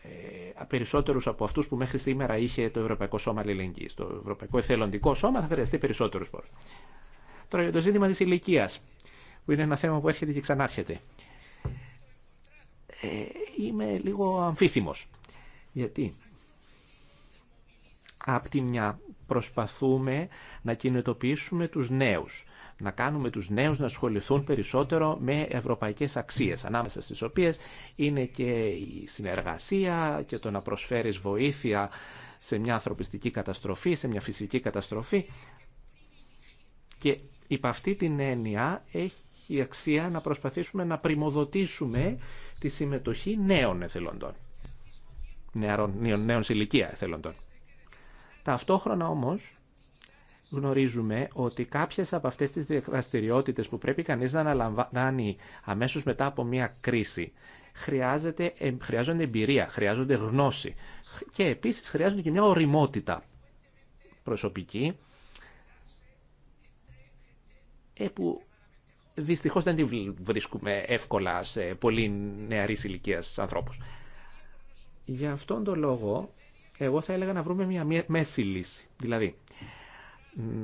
ε, περισσότερους από αυτούς που μέχρι σήμερα είχε το Ευρωπαϊκό Σώμα Αλληλεγγύης. Το Ευρωπαϊκό Εθελοντικό Σώμα θα χρειαστεί περισσότερους πόρους. Τώρα για το ζήτημα της ηλικία, που είναι ένα θέμα που έρχεται και ξανάρχεται. Ε, είμαι λίγο αμφίθυμος. Γιατί, απ' τη μια προσπαθούμε να κινητοποιήσουμε τους νέους. Να κάνουμε τους νέους να ασχοληθούν περισσότερο με ευρωπαϊκές αξίες, ανάμεσα στις οποίες είναι και η συνεργασία και το να προσφέρεις βοήθεια σε μια ανθρωπιστική καταστροφή, σε μια φυσική καταστροφή. Και υπ' αυτή την έννοια έχει αξία να προσπαθήσουμε να πρημοδοτήσουμε τη συμμετοχή νέων εθελοντών, νέων, νέων, ηλικία εθελοντών. Ταυτόχρονα όμως γνωρίζουμε ότι κάποιες από αυτές τις δραστηριότητε που πρέπει κανείς να αναλαμβάνει αμέσως μετά από μια κρίση χρειάζεται, χρειάζονται εμπειρία, χρειάζονται γνώση και επίσης χρειάζονται και μια οριμότητα προσωπική ε, που δυστυχώς δεν τη βρίσκουμε εύκολα σε πολύ νεαρής ηλικίας ανθρώπους. Για αυτόν τον λόγο εγώ θα έλεγα να βρούμε μια μέση λύση. Δηλαδή,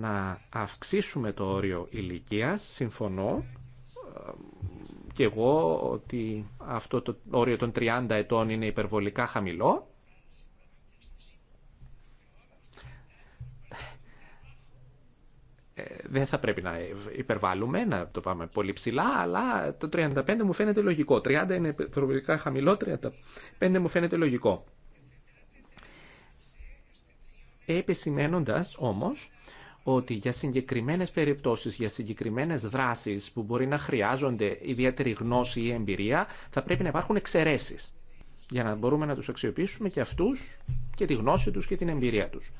να αυξήσουμε το όριο ηλικίας, συμφωνώ, και εγώ ότι αυτό το όριο των 30 ετών είναι υπερβολικά χαμηλό. Ε, δεν θα πρέπει να υπερβάλλουμε, να το πάμε πολύ ψηλά, αλλά το 35 μου φαίνεται λογικό. 30 είναι υπερβολικά χαμηλό, 35 μου φαίνεται λογικό επισημένοντας όμως ότι για συγκεκριμένες περιπτώσεις, για συγκεκριμένες δράσεις που μπορεί να χρειάζονται ιδιαίτερη γνώση ή εμπειρία, θα πρέπει να υπάρχουν εξαιρέσει για να μπορούμε να τους αξιοποιήσουμε και αυτούς και τη γνώση τους και την εμπειρία τους.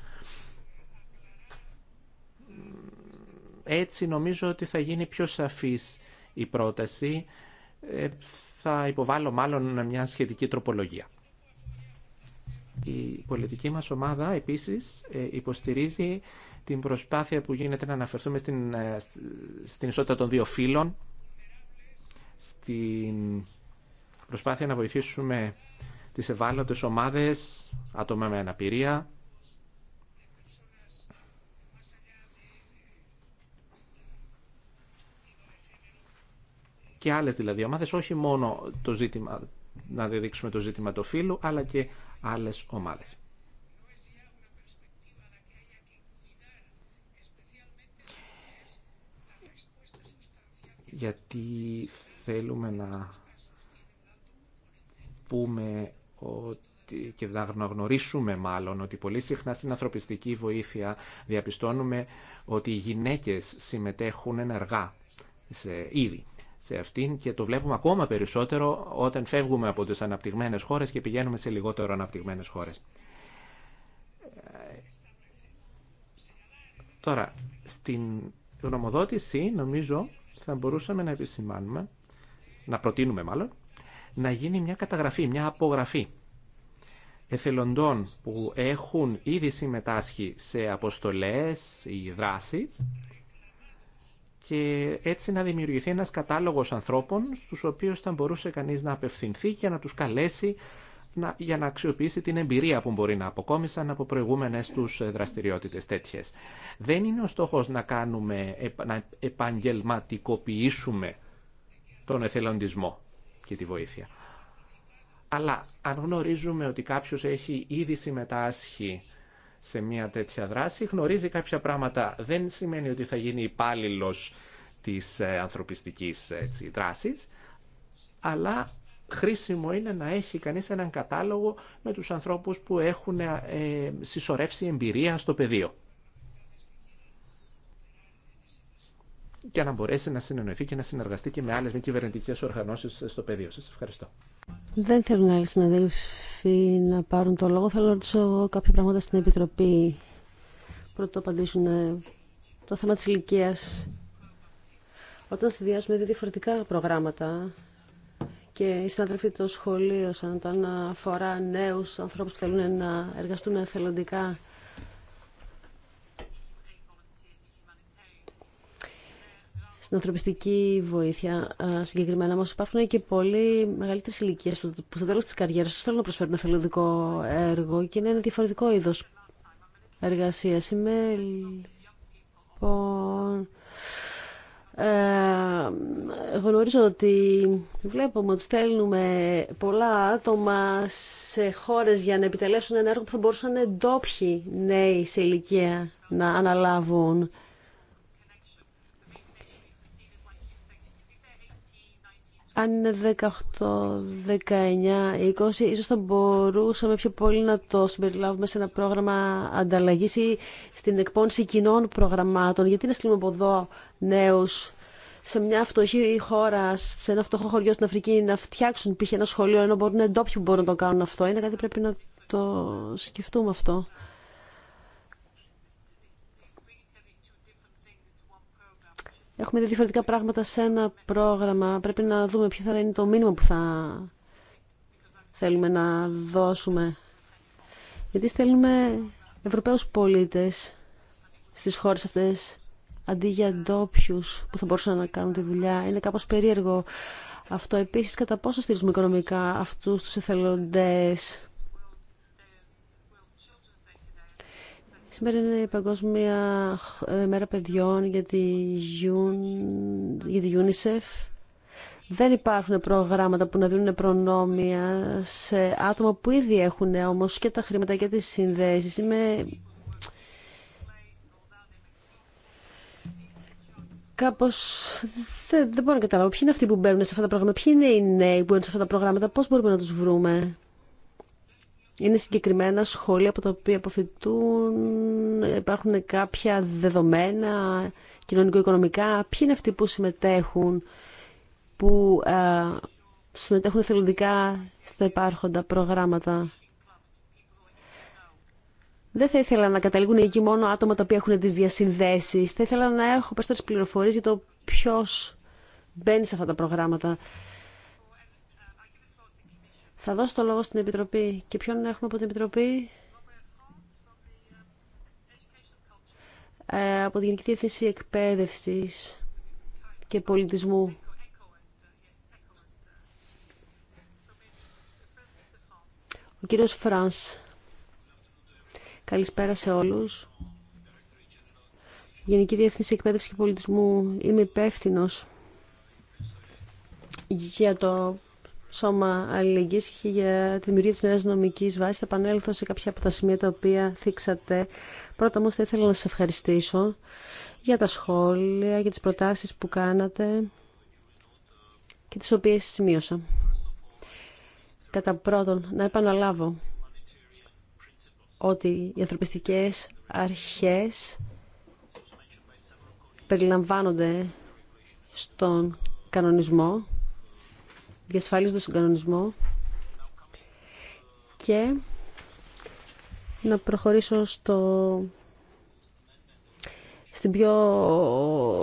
Έτσι νομίζω ότι θα γίνει πιο σαφής η πρόταση. Ε, θα υποβάλω μάλλον μια σχετική τροπολογία. Η πολιτική μας ομάδα επίσης ε, υποστηρίζει την προσπάθεια που γίνεται να αναφερθούμε στην, ε, στην ισότητα των δύο φύλων, στην προσπάθεια να βοηθήσουμε τις ευάλωτες ομάδες, άτομα με αναπηρία, και άλλες δηλαδή ομάδες, όχι μόνο το ζήτημα, να διδείξουμε το ζήτημα του φίλου αλλά και άλλες ομάδες. Γιατί θέλουμε να πούμε ότι και να γνωρίσουμε μάλλον ότι πολύ συχνά στην ανθρωπιστική βοήθεια διαπιστώνουμε ότι οι γυναίκες συμμετέχουν ενεργά σε σε αυτήν και το βλέπουμε ακόμα περισσότερο όταν φεύγουμε από τις αναπτυγμένες χώρες και πηγαίνουμε σε λιγότερο αναπτυγμένες χώρες. Τώρα, στην γνωμοδότηση νομίζω θα μπορούσαμε να επισημάνουμε, να προτείνουμε μάλλον, να γίνει μια καταγραφή, μια απογραφή εθελοντών που έχουν ήδη συμμετάσχει σε αποστολές ή δράσεις και έτσι να δημιουργηθεί ένας κατάλογος ανθρώπων στους οποίους θα μπορούσε κανείς να απευθυνθεί και να τους καλέσει να, για να αξιοποιήσει την εμπειρία που μπορεί να αποκόμισαν από προηγούμενες τους ε, δραστηριότητες τέτοιες. Δεν είναι ο στόχος να, κάνουμε, να επαγγελματικοποιήσουμε τον εθελοντισμό και τη βοήθεια. Αλλά αν γνωρίζουμε ότι κάποιος έχει ήδη συμμετάσχει σε μια τέτοια δράση, γνωρίζει κάποια πράγματα. Δεν σημαίνει ότι θα γίνει υπάλληλο της ε, ανθρωπιστικής έτσι, δράσης, αλλά χρήσιμο είναι να έχει κανείς έναν κατάλογο με τους ανθρώπους που έχουν ε, συσσωρεύσει εμπειρία στο πεδίο. και να μπορέσει να συνεννοηθεί και να συνεργαστεί και με άλλες μη κυβερνητικέ οργανώσει στο πεδίο σας. Ευχαριστώ.
Δεν θέλουν άλλοι συναδέλφοι να πάρουν το λόγο. Θέλω να ρωτήσω κάποια πράγματα στην Επιτροπή. Πρώτο απαντήσουν ε, το θέμα της ηλικία. Όταν συνδυάζουμε δύο διαφορετικά προγράμματα και οι συναδέλφοι το σχολείο, σαν όταν αφορά νέους ανθρώπους που θέλουν να εργαστούν εθελοντικά στην ανθρωπιστική βοήθεια. Συγκεκριμένα όμω υπάρχουν και πολύ μεγαλύτερε ηλικίε που στο τέλο τη καριέρα του θέλουν να προσφέρουν εθελοντικό έργο και είναι ένα διαφορετικό είδο εργασία. Είμαι λοιπόν. Ε, γνωρίζω ότι βλέπουμε ότι στέλνουμε πολλά άτομα σε χώρες για να επιτελέσουν ένα έργο που θα μπορούσαν ντόπιοι νέοι σε ηλικία να αναλάβουν. αν είναι 18, 19, 20, ίσως θα μπορούσαμε πιο πολύ να το συμπεριλάβουμε σε ένα πρόγραμμα ανταλλαγής ή στην εκπόνηση κοινών προγραμμάτων. Γιατί να στείλουμε από εδώ νέους σε μια φτωχή χώρα, σε ένα φτωχό χωριό στην Αφρική να φτιάξουν π.χ. ένα σχολείο ενώ μπορούν εντόπιοι που μπορούν να το κάνουν αυτό. Είναι κάτι πρέπει να το σκεφτούμε αυτό. Έχουμε δει διαφορετικά πράγματα σε ένα πρόγραμμα. Πρέπει να δούμε ποιο θα είναι το μήνυμα που θα θέλουμε να δώσουμε. Γιατί στέλνουμε Ευρωπαίους πολίτες στις χώρες αυτές αντί για ντόπιου που θα μπορούσαν να κάνουν τη δουλειά. Είναι κάπως περίεργο αυτό. Επίσης, κατά πόσο στηρίζουμε οικονομικά αυτούς τους εθελοντές Σήμερα είναι η Παγκόσμια ε, Μέρα Παιδιών για τη, UNICEF. Δεν υπάρχουν προγράμματα που να δίνουν προνόμια σε άτομα που ήδη έχουν όμως και τα χρήματα και τις συνδέσεις. Είμαι κάπως... δεν, δεν μπορώ να καταλάβω. Ποιοι είναι αυτοί που μπαίνουν σε αυτά τα προγράμματα, ποιοι είναι οι νέοι που μπαίνουν σε αυτά τα προγράμματα, πώς μπορούμε να τους βρούμε είναι συγκεκριμένα σχόλια από τα οποία αποφυτούν, υπάρχουν κάποια δεδομένα κοινωνικο-οικονομικά. Ποιοι είναι αυτοί που συμμετέχουν, που συμμετέχουν θελοντικά στα υπάρχοντα προγράμματα. Δεν θα ήθελα να καταλήγουν εκεί μόνο άτομα τα οποία έχουν τις διασυνδέσεις. Θα ήθελα να έχω περισσότερες πληροφορίες για το ποιος μπαίνει σε αυτά τα προγράμματα. Θα δώσω το λόγο στην Επιτροπή. Και ποιον έχουμε από την Επιτροπή? Ε, από την Γενική Διεύθυνση Εκπαίδευσης και Πολιτισμού. Ο κύριος Φρανς. Καλησπέρα σε όλους. Γενική Διεύθυνση Εκπαίδευση και Πολιτισμού. Είμαι υπεύθυνο για το Σώμα Αλληλεγγύης και για τη δημιουργία της νέας νομικής βάσης. Θα επανέλθω σε κάποια από τα σημεία τα οποία θίξατε. Πρώτα όμως θα ήθελα να σας ευχαριστήσω για τα σχόλια, για τις προτάσεις που κάνατε και τις οποίες σημείωσα. Κατά πρώτον, να επαναλάβω ότι οι ανθρωπιστικές αρχές περιλαμβάνονται στον κανονισμό διασφάλιζοντας τον κανονισμό και να προχωρήσω στο, στην πιο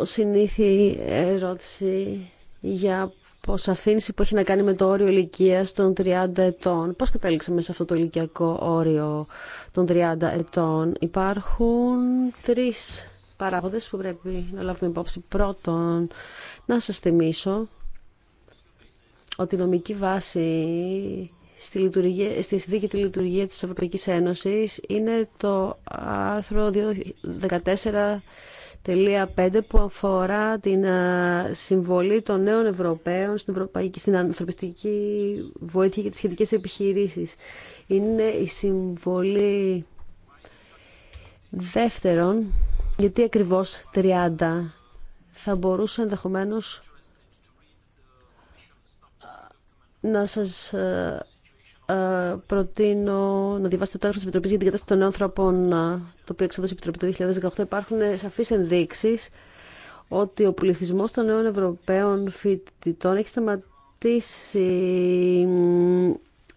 συνήθη ερώτηση για πως αφήνιση που έχει να κάνει με το όριο ηλικία των 30 ετών. Πώς καταλήξαμε σε αυτό το ηλικιακό όριο των 30 ετών. Υπάρχουν τρεις παράγοντες που πρέπει να λάβουμε υπόψη. Πρώτον, να σας θυμίσω ότι η νομική βάση στη, λειτουργία, στη συνθήκη τη λειτουργία της Ευρωπαϊκής Ένωσης είναι το άρθρο 14.5 που αφορά την συμβολή των νέων Ευρωπαίων στην, Ευρωπαϊκή, στην ανθρωπιστική βοήθεια και τις σχετικές επιχειρήσεις. Είναι η συμβολή δεύτερον, γιατί ακριβώς 30 θα μπορούσε ενδεχομένως να σας ε, ε, προτείνω να διαβάσετε το άρθρο της Επιτροπής για την κατάσταση των νέων ανθρώπων ε, το οποίο εξέδωσε η Επιτροπή το 2018. Υπάρχουν σαφείς ενδείξεις ότι ο πληθυσμός των νέων Ευρωπαίων φοιτητών έχει σταματήσει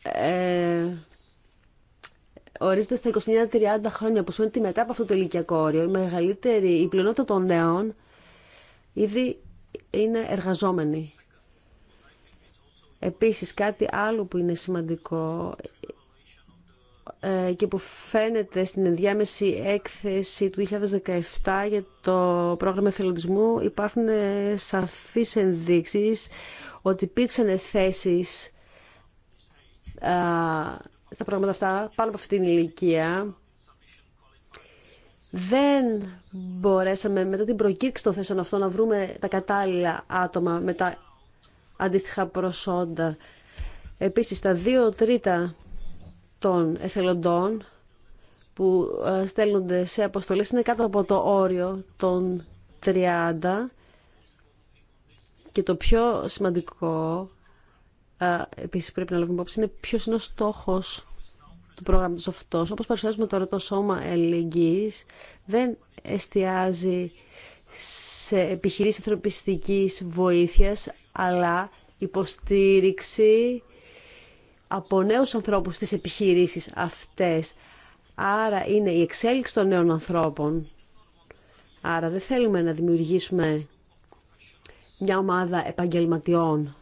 ε, ορίζεται στα 29-30 χρόνια που σημαίνει ότι μετά από αυτό το ηλικιακό όριο η μεγαλύτερη, η πλειονότητα των νέων ήδη είναι εργαζόμενοι Επίσης κάτι άλλο που είναι σημαντικό ε, και που φαίνεται στην ενδιάμεση έκθεση του 2017 για το πρόγραμμα εθελοντισμού υπάρχουν ε, σαφείς ενδείξεις ότι υπήρξαν θέσεις ε, στα πρόγραμματα αυτά πάνω από αυτήν την ηλικία. Δεν μπορέσαμε μετά την προκήρυξη των θέσεων αυτών να βρούμε τα κατάλληλα άτομα με τα αντίστοιχα προσόντα. Επίσης, τα δύο τρίτα των εθελοντών που ε, στέλνονται σε αποστολές είναι κάτω από το όριο των 30 και το πιο σημαντικό ε, επίσης πρέπει να λάβουμε υπόψη είναι ποιος είναι ο στόχος του πρόγραμματος αυτός. Όπως παρουσιάζουμε τώρα το σώμα ελληνικής δεν εστιάζει σε επιχειρήσεις ανθρωπιστικής βοήθειας, αλλά υποστήριξη από νέους ανθρώπους στις επιχειρήσεις αυτές. Άρα είναι η εξέλιξη των νέων ανθρώπων. Άρα δεν θέλουμε να δημιουργήσουμε μια ομάδα επαγγελματιών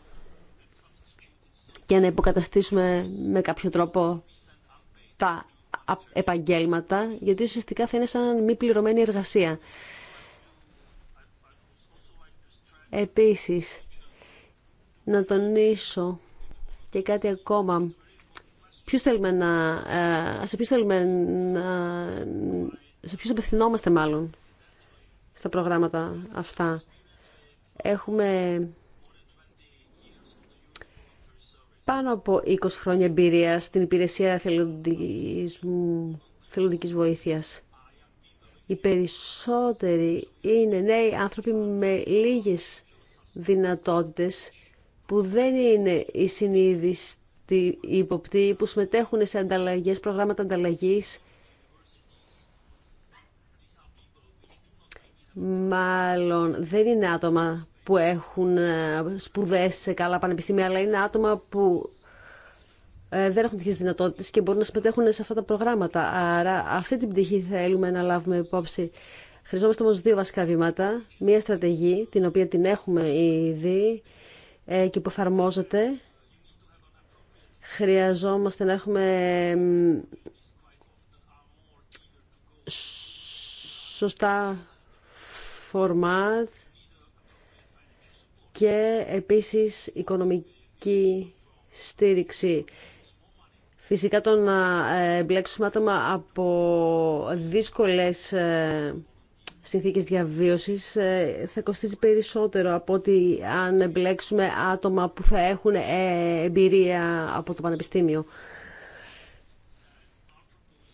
και να υποκαταστήσουμε με κάποιο τρόπο τα επαγγέλματα, γιατί ουσιαστικά θα είναι σαν μη πληρωμένη εργασία. Επίσης, να τονίσω και κάτι ακόμα. Ποιους θέλουμε να, ε, σε ποιους θέλουμε να, σε απευθυνόμαστε μάλλον στα προγράμματα αυτά. Έχουμε πάνω από 20 χρόνια εμπειρία στην υπηρεσία θελοντικής, θελοντικής βοήθειας οι περισσότεροι είναι νέοι άνθρωποι με λίγες δυνατότητες που δεν είναι οι συνείδηστοι οι υποπτοί που συμμετέχουν σε ανταλλαγές, προγράμματα ανταλλαγής μάλλον δεν είναι άτομα που έχουν ε, σπουδές σε καλά πανεπιστήμια αλλά είναι άτομα που ε, δεν έχουν τις δυνατότητες και μπορούν να συμμετέχουν σε αυτά τα προγράμματα. Άρα αυτή την πτυχή θέλουμε να λάβουμε υπόψη. Χρειαζόμαστε όμω δύο βασικά βήματα. Μία στρατηγή, την οποία την έχουμε ήδη ε, και που εφαρμόζεται. Χρειαζόμαστε να έχουμε σωστά φορμάτ και επίσης οικονομική στήριξη. Φυσικά το να ε, εμπλέξουμε άτομα από δύσκολες ε, συνθήκες διαβίωσης ε, θα κοστίζει περισσότερο από ότι αν εμπλέξουμε άτομα που θα έχουν εμπειρία από το Πανεπιστήμιο.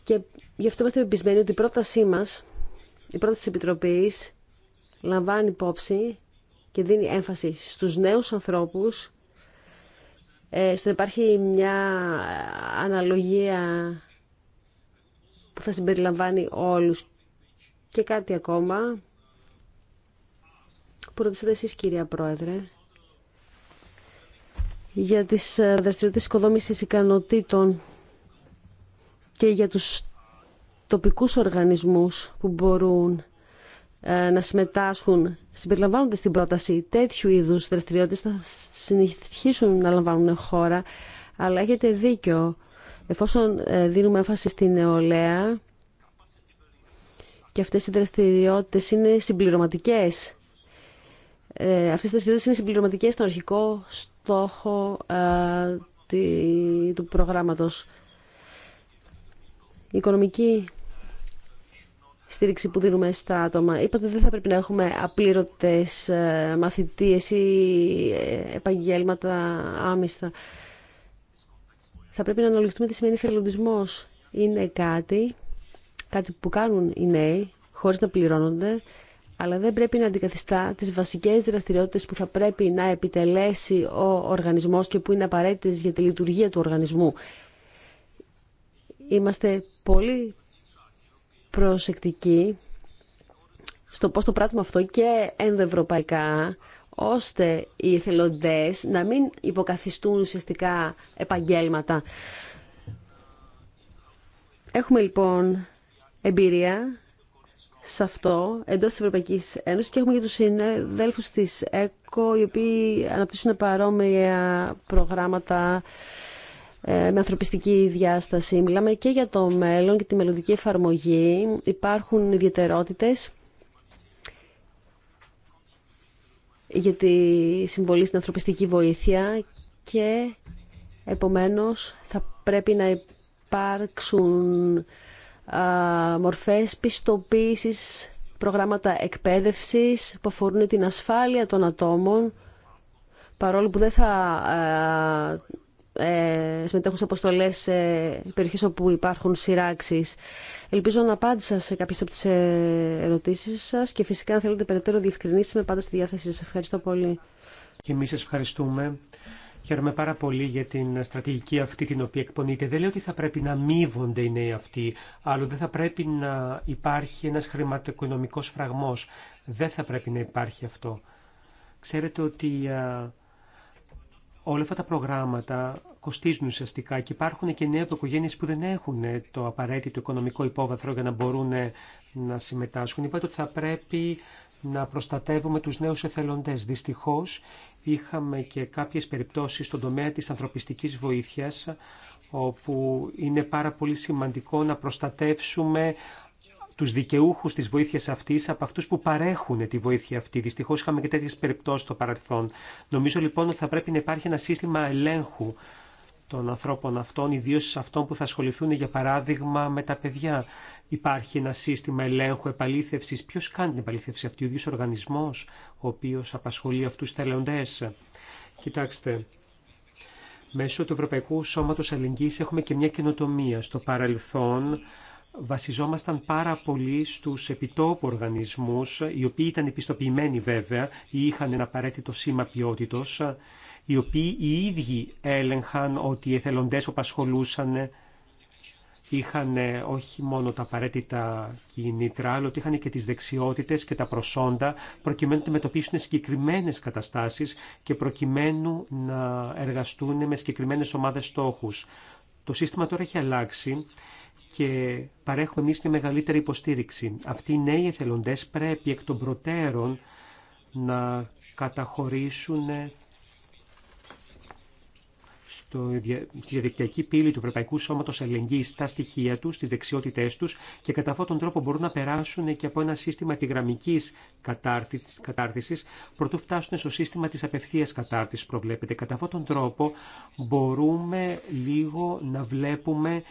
Και γι' αυτό είμαστε εμπισμένοι ότι η πρότασή μας, η πρόταση της Επιτροπής, λαμβάνει υπόψη και δίνει έμφαση στους νέους ανθρώπους ε, Στον υπάρχει μια αναλογία που θα συμπεριλαμβάνει όλους. Και κάτι ακόμα που ρωτήσατε εσείς κυρία Πρόεδρε για τις ε, δραστηριότητες οικοδόμησης ικανοτήτων και για τους τοπικούς οργανισμούς που μπορούν ε, να συμμετάσχουν συμπεριλαμβάνονται στην πρόταση τέτοιου είδους δραστηριότητες θα συνεχίσουν να λαμβάνουν χώρα αλλά έχετε δίκιο εφόσον ε, δίνουμε έμφαση στην νεολαία και αυτές οι δραστηριότητες είναι συμπληρωματικές ε, αυτές οι δραστηριότητες είναι συμπληρωματικές στον αρχικό στόχο ε, του προγράμματος οικονομική στήριξη που δίνουμε στα άτομα. Είπατε ότι δεν θα πρέπει να έχουμε απλήρωτες ε, μαθητείες ή ε, επαγγέλματα άμυστα. Θα πρέπει να αναλογιστούμε τι σημαίνει θελοντισμός. Είναι κάτι, κάτι που κάνουν οι νέοι χωρίς να πληρώνονται, αλλά δεν πρέπει να αντικαθιστά τις βασικές δραστηριότητες που θα πρέπει να επιτελέσει ο οργανισμός και που είναι απαραίτητες για τη λειτουργία του οργανισμού. Είμαστε πολύ προσεκτική στο πώς το πράττουμε αυτό και ενδοευρωπαϊκά, ώστε οι εθελοντές να μην υποκαθιστούν ουσιαστικά επαγγέλματα. Έχουμε λοιπόν εμπειρία σε αυτό εντός της Ευρωπαϊκή Ένωσης και έχουμε και τους συνεδέλφους της ΕΚΟ οι οποίοι αναπτύσσουν παρόμοια προγράμματα ε, με ανθρωπιστική διάσταση. Μιλάμε και για το μέλλον και τη μελλοντική εφαρμογή. Υπάρχουν ιδιαιτερότητες για τη συμβολή στην ανθρωπιστική βοήθεια και επομένως θα πρέπει να υπάρξουν μορφές πιστοποίησης, προγράμματα εκπαίδευσης που αφορούν την ασφάλεια των ατόμων παρόλο που δεν θα ε, συμμετέχουν σε αποστολέ σε περιοχές όπου υπάρχουν σειράξει. Ελπίζω να απάντησα σε κάποιε από τι ε, ερωτήσει σα και φυσικά αν θέλετε περαιτέρω διευκρινήσει, είμαι πάντα στη διάθεσή σα. Ευχαριστώ πολύ. Και εμεί σα
ευχαριστούμε. Χαίρομαι πάρα πολύ για την στρατηγική αυτή την οποία εκπονείτε. Δεν λέω ότι θα πρέπει να μείβονται οι νέοι αυτοί, αλλά δεν θα πρέπει να υπάρχει ένας χρηματοοικονομικός φραγμός. Δεν θα πρέπει να υπάρχει αυτό. Ξέρετε ότι α, όλα αυτά τα προγράμματα κοστίζουν ουσιαστικά και υπάρχουν και νέε οικογένειε που δεν έχουν το απαραίτητο οικονομικό υπόβαθρο για να μπορούν να συμμετάσχουν. Είπατε ότι θα πρέπει να προστατεύουμε τους νέους εθελοντές. Δυστυχώς είχαμε και κάποιες περιπτώσεις στον τομέα της ανθρωπιστικής βοήθειας όπου είναι πάρα πολύ σημαντικό να προστατεύσουμε του δικαιούχου τη βοήθεια αυτή από αυτού που παρέχουν τη βοήθεια αυτή. Δυστυχώ είχαμε και τέτοιε περιπτώσει στο παρελθόν. Νομίζω λοιπόν ότι θα πρέπει να υπάρχει ένα σύστημα ελέγχου των ανθρώπων αυτών, ιδίω αυτών που θα ασχοληθούν για παράδειγμα με τα παιδιά. Υπάρχει ένα σύστημα ελέγχου, επαλήθευση. Ποιο κάνει την επαλήθευση αυτή, ο ίδιο οργανισμό, ο οποίο απασχολεί αυτού του θελοντέ. Κοιτάξτε, μέσω του Ευρωπαϊκού Σώματο Αλληλεγγύης έχουμε και μια καινοτομία. Στο παρελθόν βασιζόμασταν πάρα πολύ στους επιτόπου οργανισμούς, οι οποίοι ήταν επιστοποιημένοι βέβαια ή είχαν ένα απαραίτητο σήμα ποιότητος, οι οποίοι οι ίδιοι έλεγχαν ότι οι εθελοντές που απασχολούσαν είχαν ε, όχι μόνο τα απαραίτητα κινήτρα, αλλά ότι είχαν και τις δεξιότητες και τα προσόντα προκειμένου να αντιμετωπίσουν συγκεκριμένες καταστάσεις και προκειμένου να εργαστούν με συγκεκριμένες ομάδες στόχους. Το σύστημα τώρα έχει αλλάξει και παρέχουμε εμεί μια μεγαλύτερη υποστήριξη. Αυτοί οι νέοι εθελοντέ πρέπει εκ των προτέρων να καταχωρήσουν στο, στη διαδικτυακή πύλη του Ευρωπαϊκού Σώματο Αλληλεγγύη τα στοιχεία του, τι δεξιότητέ του και κατά αυτόν τον τρόπο μπορούν να περάσουν και από ένα σύστημα επιγραμμική κατάρτιση προτού φτάσουν στο σύστημα τη απευθεία κατάρτιση προβλέπετε. Κατά αυτόν τον τρόπο μπορούμε λίγο να βλέπουμε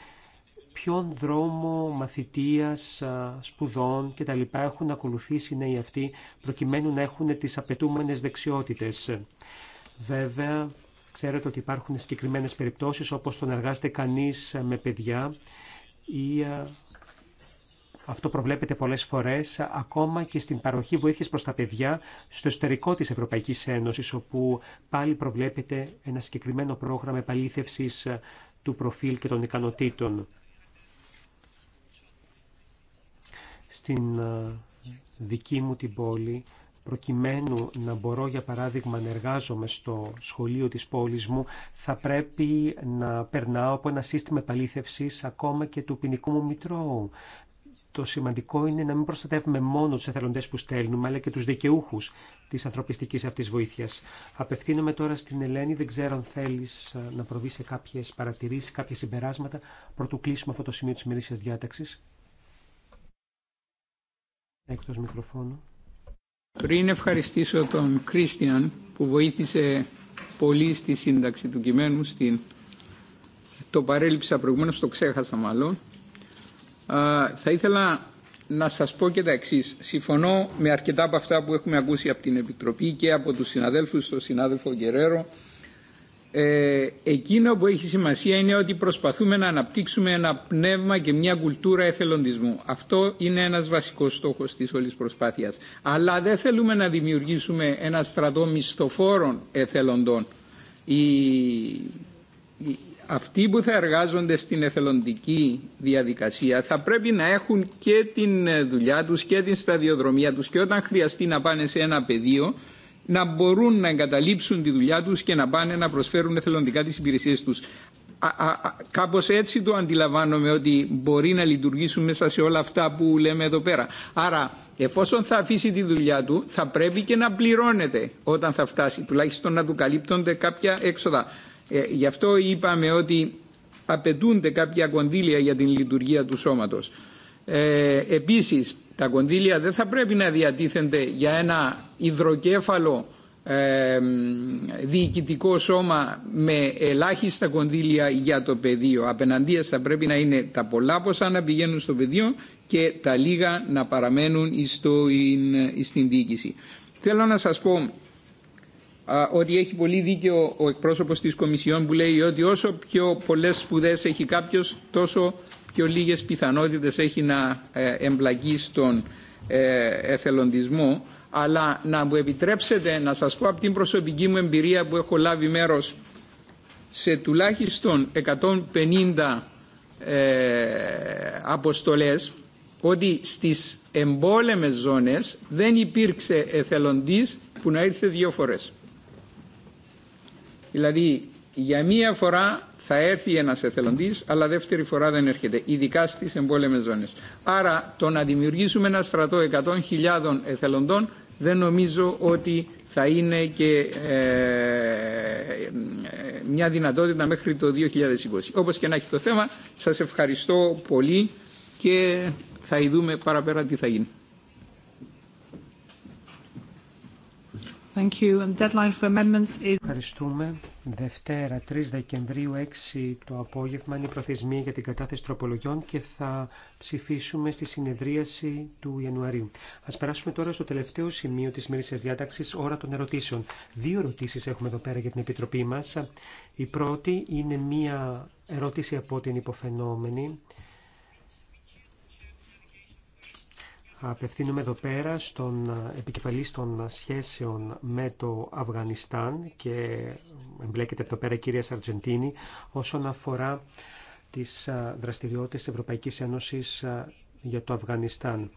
ποιον δρόμο μαθητείας, σπουδών και τα λοιπά έχουν ακολουθήσει οι νέοι αυτοί προκειμένου να έχουν τις απαιτούμενες δεξιότητες. Βέβαια, ξέρετε ότι υπάρχουν συγκεκριμένες περιπτώσεις όπως το να εργάζεται κανείς ε, με παιδιά ή ε, αυτό προβλέπεται πολλές φορές ε, ακόμα και στην παροχή βοήθειας προς τα παιδιά στο εσωτερικό της Ευρωπαϊκής Ένωσης όπου πάλι προβλέπεται ένα συγκεκριμένο πρόγραμμα επαλήθευσης του προφίλ και των ικανοτήτων. στην ε, δική μου την πόλη προκειμένου να μπορώ για παράδειγμα να εργάζομαι στο σχολείο της πόλης μου θα πρέπει να περνάω από ένα σύστημα επαλήθευσης ακόμα και του ποινικού μου μητρώου. Το σημαντικό είναι να μην προστατεύουμε μόνο τους εθελοντές που στέλνουμε, αλλά και τους δικαιούχους της ανθρωπιστικής αυτής βοήθειας. Απευθύνομαι τώρα στην Ελένη, δεν ξέρω αν θέλεις ε, να προβεί σε κάποιες παρατηρήσεις, κάποια συμπεράσματα, πρωτού κλείσουμε αυτό το σημείο της ημερήσιας διάταξης. Έκτος μικροφώνου. Πριν ευχαριστήσω τον Κρίστιαν που βοήθησε
πολύ στη σύνταξη του κειμένου, στην... το παρέλειψα προηγουμένως, το ξέχασα μάλλον, Α, θα ήθελα να σας πω και τα εξή. Συμφωνώ με αρκετά από αυτά που έχουμε ακούσει από την Επιτροπή και από τους συναδέλφους, τον συνάδελφο Γκερέρο, ε, εκείνο που έχει σημασία είναι ότι προσπαθούμε να αναπτύξουμε ένα πνεύμα και μια κουλτούρα εθελοντισμού. Αυτό είναι ένας βασικός στόχος της όλης προσπάθειας. Αλλά δεν θέλουμε να δημιουργήσουμε ένα στρατό μισθοφόρων εθελοντών. αυτοί που θα εργάζονται στην εθελοντική διαδικασία θα πρέπει να έχουν και την δουλειά τους και την σταδιοδρομία τους και όταν χρειαστεί να πάνε σε ένα πεδίο να μπορούν να εγκαταλείψουν τη δουλειά τους και να πάνε να προσφέρουν εθελοντικά τις υπηρεσίες τους. Α, κάπως έτσι το αντιλαμβάνομαι ότι μπορεί να λειτουργήσουν μέσα σε όλα αυτά που λέμε εδώ πέρα. Άρα εφόσον θα αφήσει τη δουλειά του θα πρέπει και να πληρώνεται όταν θα φτάσει. Τουλάχιστον να του καλύπτονται κάποια έξοδα. Ε, γι' αυτό είπαμε ότι απαιτούνται κάποια κονδύλια για την λειτουργία του σώματος. Ε, επίσης, τα κονδύλια δεν θα πρέπει να διατίθενται για ένα υδροκέφαλο ε, διοικητικό σώμα με ελάχιστα κονδύλια για το πεδίο. Απέναντίας θα πρέπει να είναι τα πολλά ποσά να πηγαίνουν στο πεδίο και τα λίγα να παραμένουν στην διοίκηση. Θέλω να σας πω ότι έχει πολύ δίκιο ο εκπρόσωπος της Κομισιόν που λέει ότι όσο πιο πολλές σπουδέ έχει κάποιος τόσο πιο λίγες πιθανότητες έχει να ε, εμπλακεί στον ε, εθελοντισμό αλλά να μου επιτρέψετε να σας πω από την προσωπική μου εμπειρία που έχω λάβει μέρος σε τουλάχιστον 150 ε, αποστολές ότι στις εμπόλεμες ζώνες δεν υπήρξε εθελοντής που να ήρθε δύο φορές. Δηλαδή για μία φορά θα έρθει ένας εθελοντής, αλλά δεύτερη φορά δεν έρχεται, ειδικά στις εμπόλεμε ζώνε. Άρα το να δημιουργήσουμε ένα στρατό 100.000 εθελοντών δεν νομίζω ότι θα είναι και ε, ε, μια δυνατότητα μέχρι το 2020. Όπως και να έχει το θέμα, σας ευχαριστώ πολύ και θα ειδούμε παραπέρα τι θα γίνει.
Ευχαριστούμε. Δευτέρα, 3 Δεκεμβρίου, 6 το απόγευμα είναι η προθεσμία για την κατάθεση τροπολογιών και θα ψηφίσουμε στη συνεδρίαση του Ιανουαρίου. Ας περάσουμε τώρα στο τελευταίο σημείο της μίλησης διάταξης, ώρα των ερωτήσεων. Δύο ερωτήσεις έχουμε εδώ πέρα για την Επιτροπή μας. Η πρώτη είναι μία ερώτηση από την υποφαινόμενη Απευθύνουμε εδώ πέρα στον επικεφαλής των σχέσεων με το Αφγανιστάν και εμπλέκεται εδώ πέρα η κυρία Σαρτζεντίνη όσον αφορά τις δραστηριότητες Ευρωπαϊκής Ένωσης για το Αφγανιστάν.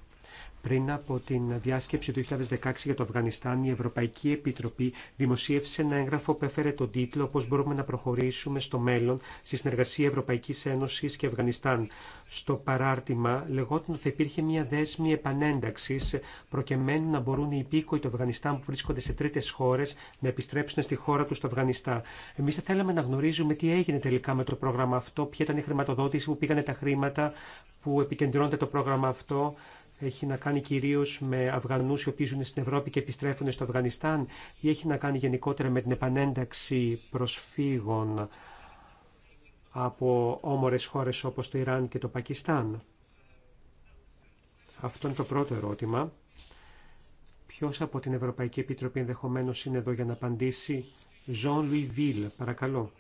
Πριν από την διάσκεψη του 2016 για το Αφγανιστάν, η Ευρωπαϊκή Επιτροπή δημοσίευσε ένα έγγραφο που έφερε τον τίτλο «Πώς μπορούμε να προχωρήσουμε στο μέλλον στη συνεργασία Ευρωπαϊκής Ένωσης και Αφγανιστάν». Στο παράρτημα λεγόταν ότι θα υπήρχε μια δέσμη επανένταξης προκειμένου να μπορούν οι υπήκοοι του Αφγανιστάν που βρίσκονται σε τρίτες χώρε να επιστρέψουν στη χώρα του στο Αφγανιστάν. Εμεί θα θέλαμε να γνωρίζουμε τι έγινε τελικά με το πρόγραμμα αυτό, ποια ήταν η χρηματοδότηση, που πήγανε τα χρήματα που επικεντρώνεται το πρόγραμμα αυτό, έχει να κάνει κυρίως με Αυγανού οι οποίοι ζουν στην Ευρώπη και επιστρέφουν στο Αφγανιστάν ή έχει να κάνει γενικότερα με την επανένταξη προσφύγων από όμορε χώρε όπως το Ιράν και το Πακιστάν. Αυτό είναι το πρώτο ερώτημα. Ποιο από την Ευρωπαϊκή Επιτροπή ενδεχομένω είναι εδώ για να απαντήσει. Ζων Λουιβίλ, παρακαλώ.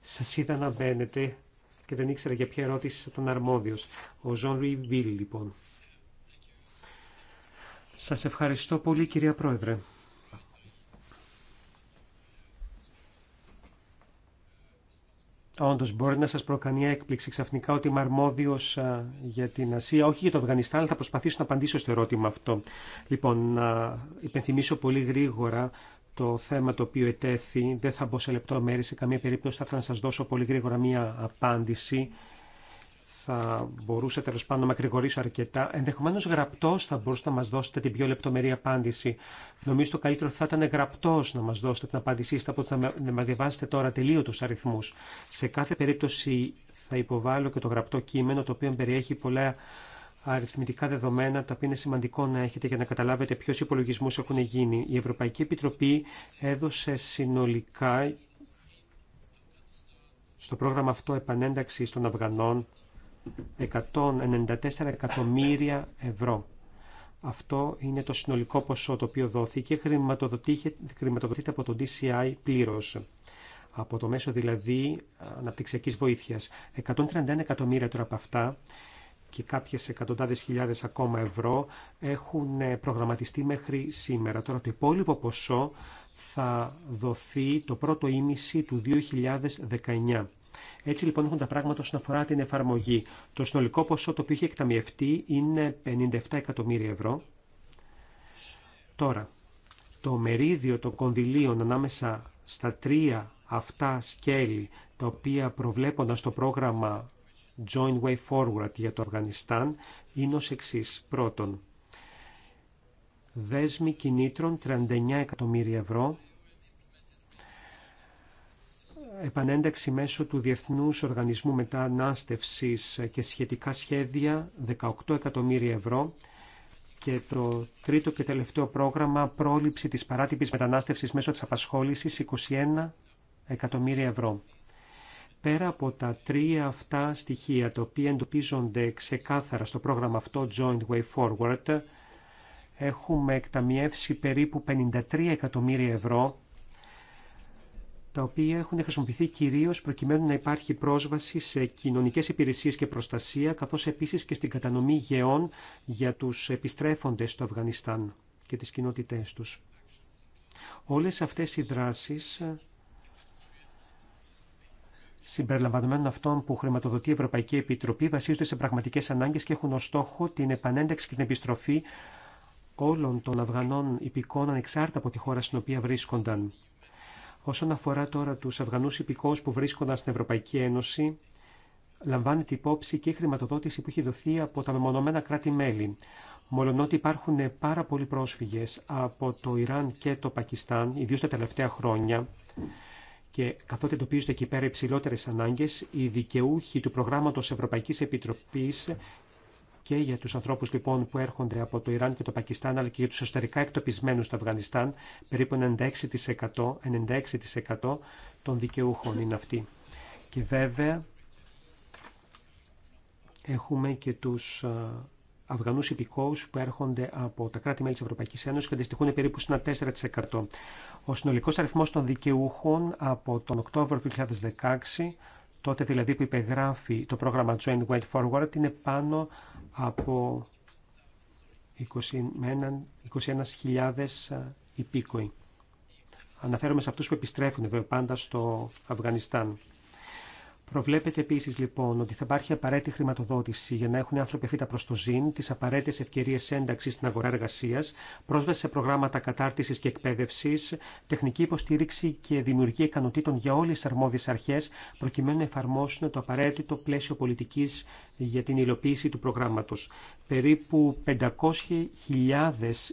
Σα είδα να μπαίνετε και δεν ήξερα για ποια ερώτηση ήταν αρμόδιος. Ο Ζων Βίλ, λοιπόν. Σας ευχαριστώ πολύ, κυρία Πρόεδρε. Όντω, μπορεί να σας προκανεί έκπληξη ξαφνικά ότι είμαι αρμόδιο για την Ασία, όχι για το Αφγανιστάν, αλλά θα προσπαθήσω να απαντήσω στο ερώτημα αυτό. Λοιπόν, να υπενθυμίσω πολύ γρήγορα το θέμα το οποίο ετέθη. Δεν θα μπω σε λεπτό μέρη. σε καμία περίπτωση. Θα ήθελα να σας δώσω πολύ γρήγορα μία απάντηση. Θα μπορούσα τέλο πάντων να μακρηγορήσω αρκετά. Ενδεχομένω γραπτό θα μπορούσατε να μα δώσετε την πιο λεπτομερή απάντηση. Νομίζω το καλύτερο θα ήταν γραπτό να μα δώσετε την απάντησή σα από ότι θα μα διαβάσετε τώρα του αριθμού. Σε κάθε περίπτωση θα υποβάλω και το γραπτό κείμενο το οποίο περιέχει πολλά αριθμητικά δεδομένα τα οποία είναι σημαντικό να έχετε για να καταλάβετε ποιου υπολογισμού έχουν γίνει. Η Ευρωπαϊκή Επιτροπή έδωσε συνολικά στο πρόγραμμα αυτό επανένταξη των Αυγανών 194 εκατομμύρια ευρώ. Αυτό είναι το συνολικό ποσό το οποίο δόθηκε, χρηματοδοτείται από το DCI πλήρως. Από το μέσο δηλαδή αναπτυξιακής βοήθειας. 131 εκατομμύρια τώρα από αυτά και κάποιες εκατοντάδες χιλιάδες ακόμα ευρώ έχουν ε, προγραμματιστεί μέχρι σήμερα. Τώρα το υπόλοιπο ποσό θα δοθεί το πρώτο ήμιση του 2019. Έτσι λοιπόν έχουν τα πράγματα όσον αφορά την εφαρμογή. Το συνολικό ποσό το οποίο έχει εκταμιευτεί είναι 57 εκατομμύρια ευρώ. Τώρα, το μερίδιο των κονδυλίων ανάμεσα στα τρία αυτά σκέλη τα οποία προβλέπονταν στο πρόγραμμα Joint Way Forward για το Αφγανιστάν είναι ως εξή. Πρώτον, δέσμη κινήτρων 39 εκατομμύρια ευρώ επανένταξη μέσω του Διεθνούς Οργανισμού Μετανάστευσης και σχετικά σχέδια 18 εκατομμύρια ευρώ και το τρίτο και τελευταίο πρόγραμμα πρόληψη της παράτυπης μετανάστευσης μέσω της απασχόλησης 21 εκατομμύρια ευρώ. Πέρα από τα τρία αυτά στοιχεία τα οποία εντοπίζονται ξεκάθαρα στο πρόγραμμα αυτό Joint Way Forward, έχουμε εκταμιεύσει περίπου 53 εκατομμύρια ευρώ τα οποία έχουν χρησιμοποιηθεί κυρίως προκειμένου να υπάρχει πρόσβαση σε κοινωνικές υπηρεσίες και προστασία, καθώς επίσης και στην κατανομή γεών για τους επιστρέφοντες στο Αφγανιστάν και τις κοινότητές τους. Όλες αυτές οι δράσεις συμπεριλαμβανομένων αυτών που χρηματοδοτεί η Ευρωπαϊκή Επιτροπή, βασίζονται σε πραγματικέ ανάγκε και έχουν ω στόχο την επανένταξη και την επιστροφή όλων των Αφγανών υπηκών ανεξάρτητα από τη χώρα στην οποία βρίσκονταν. Όσον αφορά τώρα του Αφγανού υπηκόου που βρίσκονταν στην Ευρωπαϊκή Ένωση, λαμβάνεται υπόψη και η χρηματοδότηση που έχει δοθεί από τα μεμονωμένα κράτη-μέλη. Μολονότι υπάρχουν πάρα πολλοί πρόσφυγε από το Ιράν και το Πακιστάν, ιδίω τα τελευταία χρόνια, και καθότι εντοπίζονται εκεί πέρα υψηλότερε ανάγκε, οι δικαιούχοι του προγράμματο Ευρωπαϊκή Επιτροπή και για του ανθρώπου λοιπόν που έρχονται από το Ιράν και το Πακιστάν, αλλά και για του εσωτερικά εκτοπισμένου στο Αφγανιστάν, περίπου 96%, 96 των δικαιούχων είναι αυτοί. Και βέβαια έχουμε και τους ε, Αφγανού υπηκόους που έρχονται από τα κράτη-μέλη της Ευρωπαϊκής Ένωσης και αντιστοιχούν περίπου στο 4%. Ο συνολικός αριθμός των δικαιούχων από τον Οκτώβριο του 2016, τότε δηλαδή που υπεγράφει το πρόγραμμα Joint Way Forward, είναι πάνω από 21.000 υπήκοοι. Αναφέρομαι σε αυτούς που επιστρέφουν βέβαια πάντα στο Αφγανιστάν. Προβλέπεται επίση λοιπόν ότι θα υπάρχει απαραίτητη χρηματοδότηση για να έχουν οι άνθρωποι αφήτα προ το ζήν, τι απαραίτητε ευκαιρίε ένταξη στην αγορά εργασία, πρόσβαση σε προγράμματα κατάρτιση και εκπαίδευση, τεχνική υποστήριξη και δημιουργία ικανοτήτων για όλε τι αρμόδιε αρχέ, προκειμένου να εφαρμόσουν το απαραίτητο πλαίσιο πολιτική για την υλοποίηση του προγράμματος. Περίπου 500.000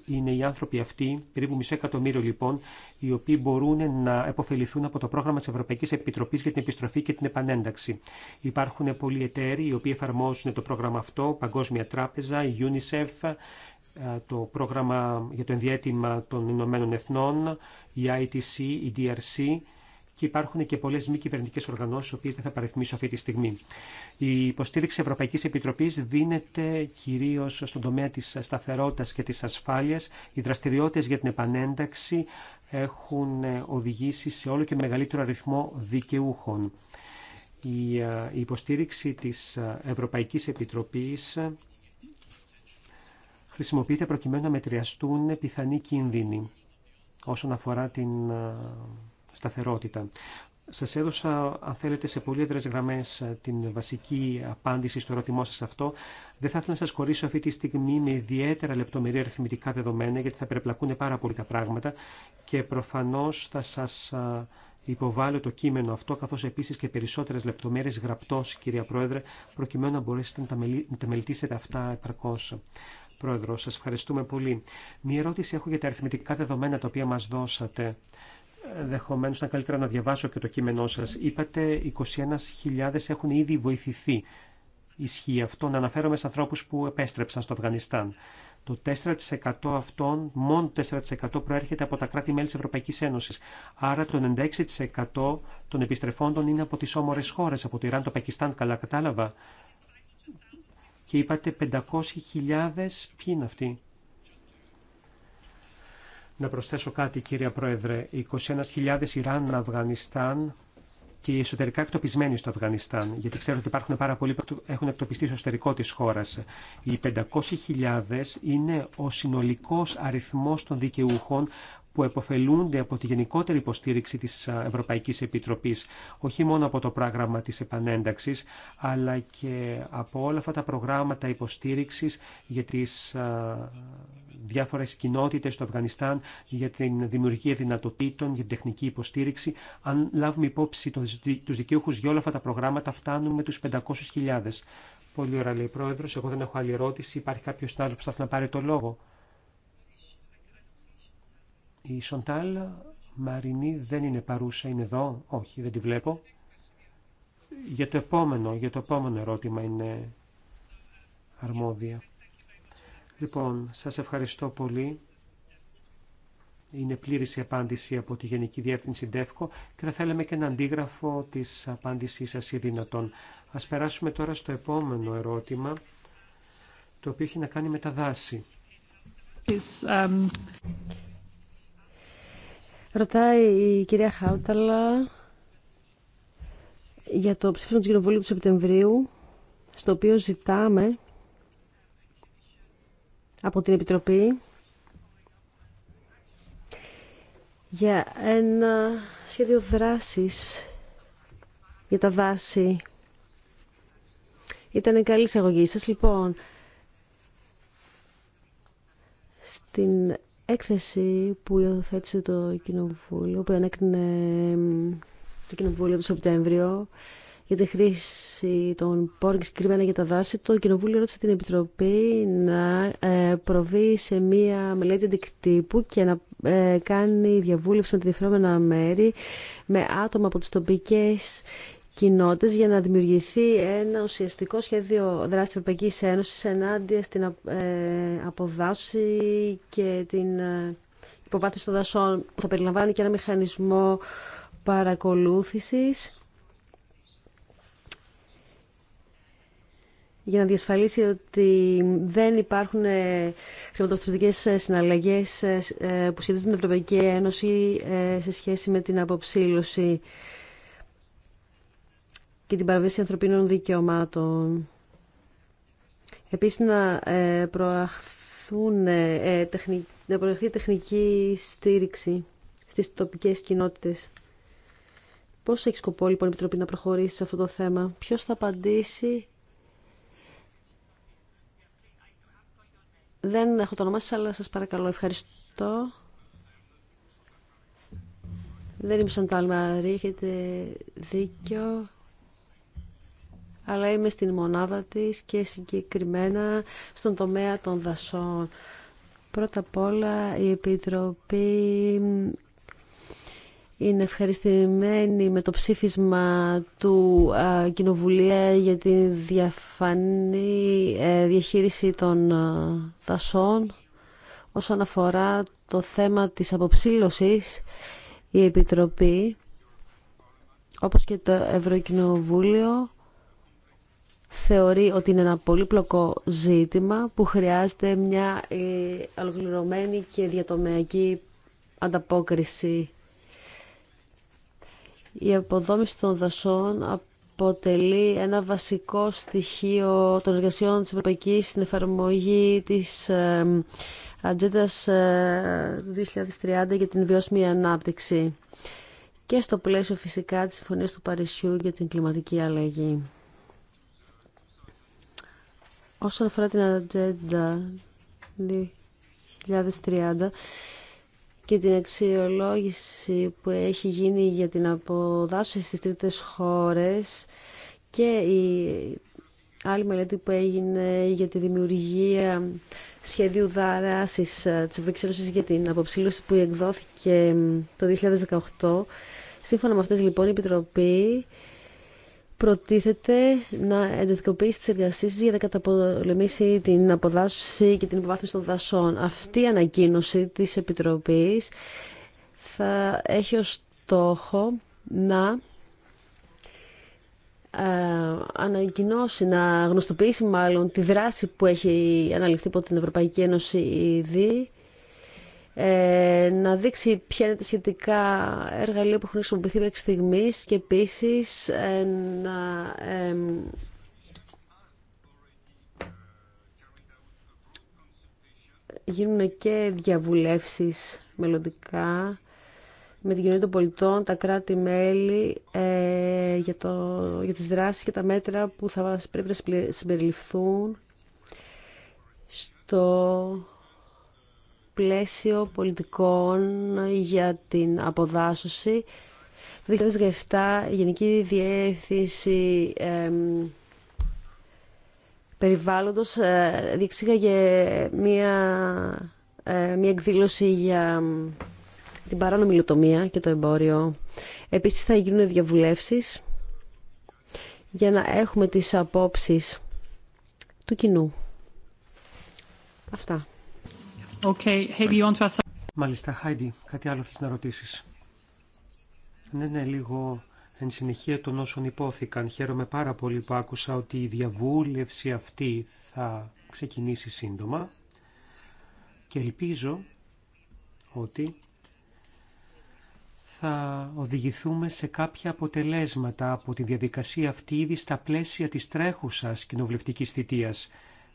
είναι οι άνθρωποι αυτοί, περίπου μισό εκατομμύριο λοιπόν, οι οποίοι μπορούν να επωφεληθούν από το πρόγραμμα της Ευρωπαϊκής Επιτροπής για την Επιστροφή και την Επανένταξη. Υπάρχουν πολλοί εταίροι οι οποίοι εφαρμόζουν το πρόγραμμα αυτό, Παγκόσμια Τράπεζα, η UNICEF, το πρόγραμμα για το ενδιέτημα των Ηνωμένων Εθνών, η ITC, η DRC, και υπάρχουν και πολλέ μη κυβερνητικέ οργανώσει, τι οποίε δεν θα παριθμίσω αυτή τη στιγμή. Η υποστήριξη Ευρωπαϊκή Επιτροπή δίνεται κυρίω στον τομέα τη σταθερότητα και τη ασφάλεια. Οι δραστηριότητε για την επανένταξη έχουν οδηγήσει σε όλο και μεγαλύτερο αριθμό δικαιούχων. Ε, η υποστήριξη της Ευρωπαϊκής Επιτροπής χρησιμοποιείται προκειμένου να μετριαστούν πιθανοί κίνδυνοι όσον αφορά την ε, σταθερότητα. Σας έδωσα, αν θέλετε, σε πολύ γραμμέ ε, την βασική απάντηση στο ερώτημό σα αυτό. Δεν θα ήθελα να σα χωρίσω αυτή τη στιγμή με ιδιαίτερα λεπτομερή αριθμητικά δεδομένα, γιατί θα περιπλακούν πάρα πολύ τα πράγματα και προφανώ θα σα ε, υποβάλλω το κείμενο αυτό, καθώ επίση και περισσότερε λεπτομέρειε γραπτό, κυρία Πρόεδρε, προκειμένου να μπορέσετε να τα μελετήσετε αυτά επαρκώς. Πρόεδρο, Σα ευχαριστούμε πολύ. Μία ερώτηση έχω για τα αριθμητικά δεδομένα τα οποία μα δώσατε ενδεχομένω να καλύτερα να διαβάσω και το κείμενό σα. Είπατε 21.000 έχουν ήδη βοηθηθεί. Ισχύει αυτό. Να αναφέρομαι σε ανθρώπου που επέστρεψαν στο Αφγανιστάν. Το 4% αυτών, μόνο 4% προέρχεται από τα κράτη-μέλη της Ευρωπαϊκής Ένωσης. Άρα το 96% των επιστρεφόντων είναι από τις όμορε χώρες, από το Ιράν, το Πακιστάν, καλά κατάλαβα. Και είπατε 500.000, ποιοι είναι αυτοί. Να προσθέσω κάτι, κύριε Πρόεδρε. 21.000 Ιράν, Αφγανιστάν και οι εσωτερικά εκτοπισμένοι στο Αφγανιστάν, γιατί ξέρω ότι υπάρχουν πάρα πολλοί που έχουν εκτοπιστεί στο εσωτερικό της χώρας. Οι 500.000 είναι ο συνολικός αριθμός των δικαιούχων που εποφελούνται από τη γενικότερη υποστήριξη της Ευρωπαϊκής Επιτροπής, όχι μόνο από το πρόγραμμα της επανένταξης, αλλά και από όλα αυτά τα προγράμματα υποστήριξης για τις Διάφορε κοινότητε στο Αφγανιστάν για την δημιουργία δυνατοτήτων, για την τεχνική υποστήριξη. Αν λάβουμε υπόψη του δικαιούχου για όλα αυτά τα προγράμματα, φτάνουμε του 500.000. Πολύ ωραία, λέει πρόεδρο. Εγώ δεν έχω άλλη ερώτηση. Υπάρχει κάποιο άλλο που θα να πάρει το λόγο. Η Σοντάλ Μαρινή δεν είναι παρούσα, είναι εδώ. Όχι, δεν τη βλέπω. Για το επόμενο, για το επόμενο ερώτημα είναι αρμόδια. Λοιπόν, σας ευχαριστώ πολύ. Είναι πλήρης η απάντηση από τη Γενική Διεύθυνση ΔΕΦΚΟ και θα θέλαμε και ένα αντίγραφο της απάντησής σας ή δυνατόν. Ας περάσουμε τώρα στο επόμενο ερώτημα, το οποίο έχει να κάνει με τα δάση.
Um, ρωτάει η κυρία Χάουταλα για το ψήφισμα του Κοινοβουλίου του Σεπτεμβρίου, στο οποίο ζητάμε από την Επιτροπή για ένα σχέδιο δράσης για τα δάση. Ήταν καλή εισαγωγή σας. Λοιπόν, στην έκθεση που υιοθέτησε το Κοινοβούλιο, που ανέκρινε το Κοινοβούλιο το Σεπτέμβριο, για τη χρήση των πόρων συγκεκριμένα για τα δάση, το Κοινοβούλιο ρώτησε την Επιτροπή να ε, προβεί σε μία μελέτη αντικτύπου και να ε, κάνει διαβούλευση με τη διαφερόμενα μέρη, με άτομα από τις τοπικές κοινότητες για να δημιουργηθεί ένα ουσιαστικό σχέδιο δράσης Ευρωπαϊκής Ένωσης ενάντια στην ε, αποδάση και την υποβάθμιση των δασών που θα περιλαμβάνει και ένα μηχανισμό παρακολούθησης για να διασφαλίσει ότι δεν υπάρχουν ε, χρηματοδοτικέ ε, συναλλαγέ ε, που σχετίζονται την Ευρωπαϊκή Ένωση σε σχέση με την αποψήλωση και την παραβίαση ανθρωπίνων δικαιωμάτων. Επίσης να προαχθούν να προαχθεί τεχνική στήριξη στις τοπικές κοινότητες. Πώς έχει σκοπό λοιπόν η Επιτροπή να προχωρήσει σε αυτό το θέμα. Ποιος θα απαντήσει Δεν έχω το όνομά σας, αλλά σας παρακαλώ. Ευχαριστώ. Δεν είμαι σαν Ταλμαρή, έχετε δίκιο. Αλλά είμαι στην μονάδα της και συγκεκριμένα στον τομέα των δασών. Πρώτα απ' όλα η Επιτροπή είναι ευχαριστημένη με το ψήφισμα του Κοινοβουλία για τη διαφανή ε, διαχείριση των δασών. Όσον αφορά το θέμα της αποψήλωσης, η Επιτροπή, όπως και το Ευρωκοινοβούλιο, θεωρεί ότι είναι ένα πολύπλοκο ζήτημα που χρειάζεται μια ε, ολοκληρωμένη και διατομεακή ανταπόκριση η αποδόμηση των δασών αποτελεί ένα βασικό στοιχείο των εργασιών της Ευρωπαϊκής στην εφαρμογή της Ατζέντα 2030 ε, για την βιώσιμη ανάπτυξη και στο πλαίσιο φυσικά της Συμφωνίας του Παρισιού για την κλιματική αλλαγή. Όσον αφορά την Ατζέντα 2030, και την αξιολόγηση που έχει γίνει για την αποδάσωση στις τρίτες χώρες και η άλλη μελέτη που έγινε για τη δημιουργία σχεδίου δράσης της Βρυξέλλωσης για την αποψήλωση που εκδόθηκε το 2018. Σύμφωνα με αυτές λοιπόν η Επιτροπή προτίθεται να εντεθειοποιήσει τις εργασίες για να καταπολεμήσει την αποδάσωση και την υποβάθμιση των δασών. Αυτή η ανακοίνωση της Επιτροπής θα έχει ως στόχο να ε, ανακοινώσει, να γνωστοποιήσει μάλλον τη δράση που έχει αναλυφθεί από την Ευρωπαϊκή Ένωση ήδη ε, να δείξει ποια είναι τα σχετικά εργαλεία που έχουν χρησιμοποιηθεί μέχρι στιγμή και επίση ε, να γίνουν και διαβουλεύσεις μελλοντικά με την κοινωνία των πολιτών, τα κράτη-μέλη ε, για, το, για τις δράσεις και τα μέτρα που θα πρέπει να συμπεριληφθούν στο πλαίσιο πολιτικών για την αποδάσωση. Το 2017 η Γενική Διεύθυνση ε, Περιβάλλοντος ε, διεξήγαγε μία, ε, μία εκδήλωση για την παράνομη και το εμπόριο. Επίσης θα γίνουν διαβουλεύσεις για να έχουμε τις απόψεις του κοινού. Αυτά.
Okay. to... Μάλιστα, Χάιντι, κάτι άλλο θες να ρωτήσεις. Ναι, ναι, λίγο εν συνεχεία των όσων υπόθηκαν. Χαίρομαι πάρα πολύ που άκουσα ότι η διαβούλευση αυτή θα ξεκινήσει σύντομα και ελπίζω ότι θα οδηγηθούμε σε κάποια αποτελέσματα από τη διαδικασία αυτή ήδη στα πλαίσια της τρέχουσας κοινοβουλευτικής θητείας.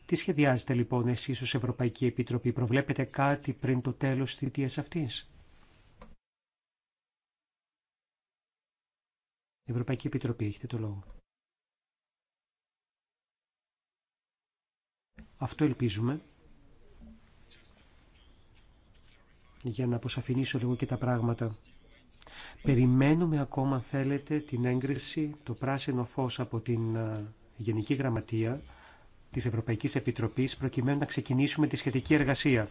Τι σχεδιάζετε λοιπόν εσείς ως Ευρωπαϊκή Επιτροπή, προβλέπετε κάτι πριν το τέλος της θητείας αυτής. Ευρωπαϊκή Επιτροπή, έχετε το λόγο. Αυτό ελπίζουμε. Για να αποσαφηνίσω λίγο και τα πράγματα. Περιμένουμε ακόμα, θέλετε, την έγκριση, το πράσινο φως από την ε, Γενική Γραμματεία της Ευρωπαϊκής Επιτροπής προκειμένου να ξεκινήσουμε τη σχετική εργασία.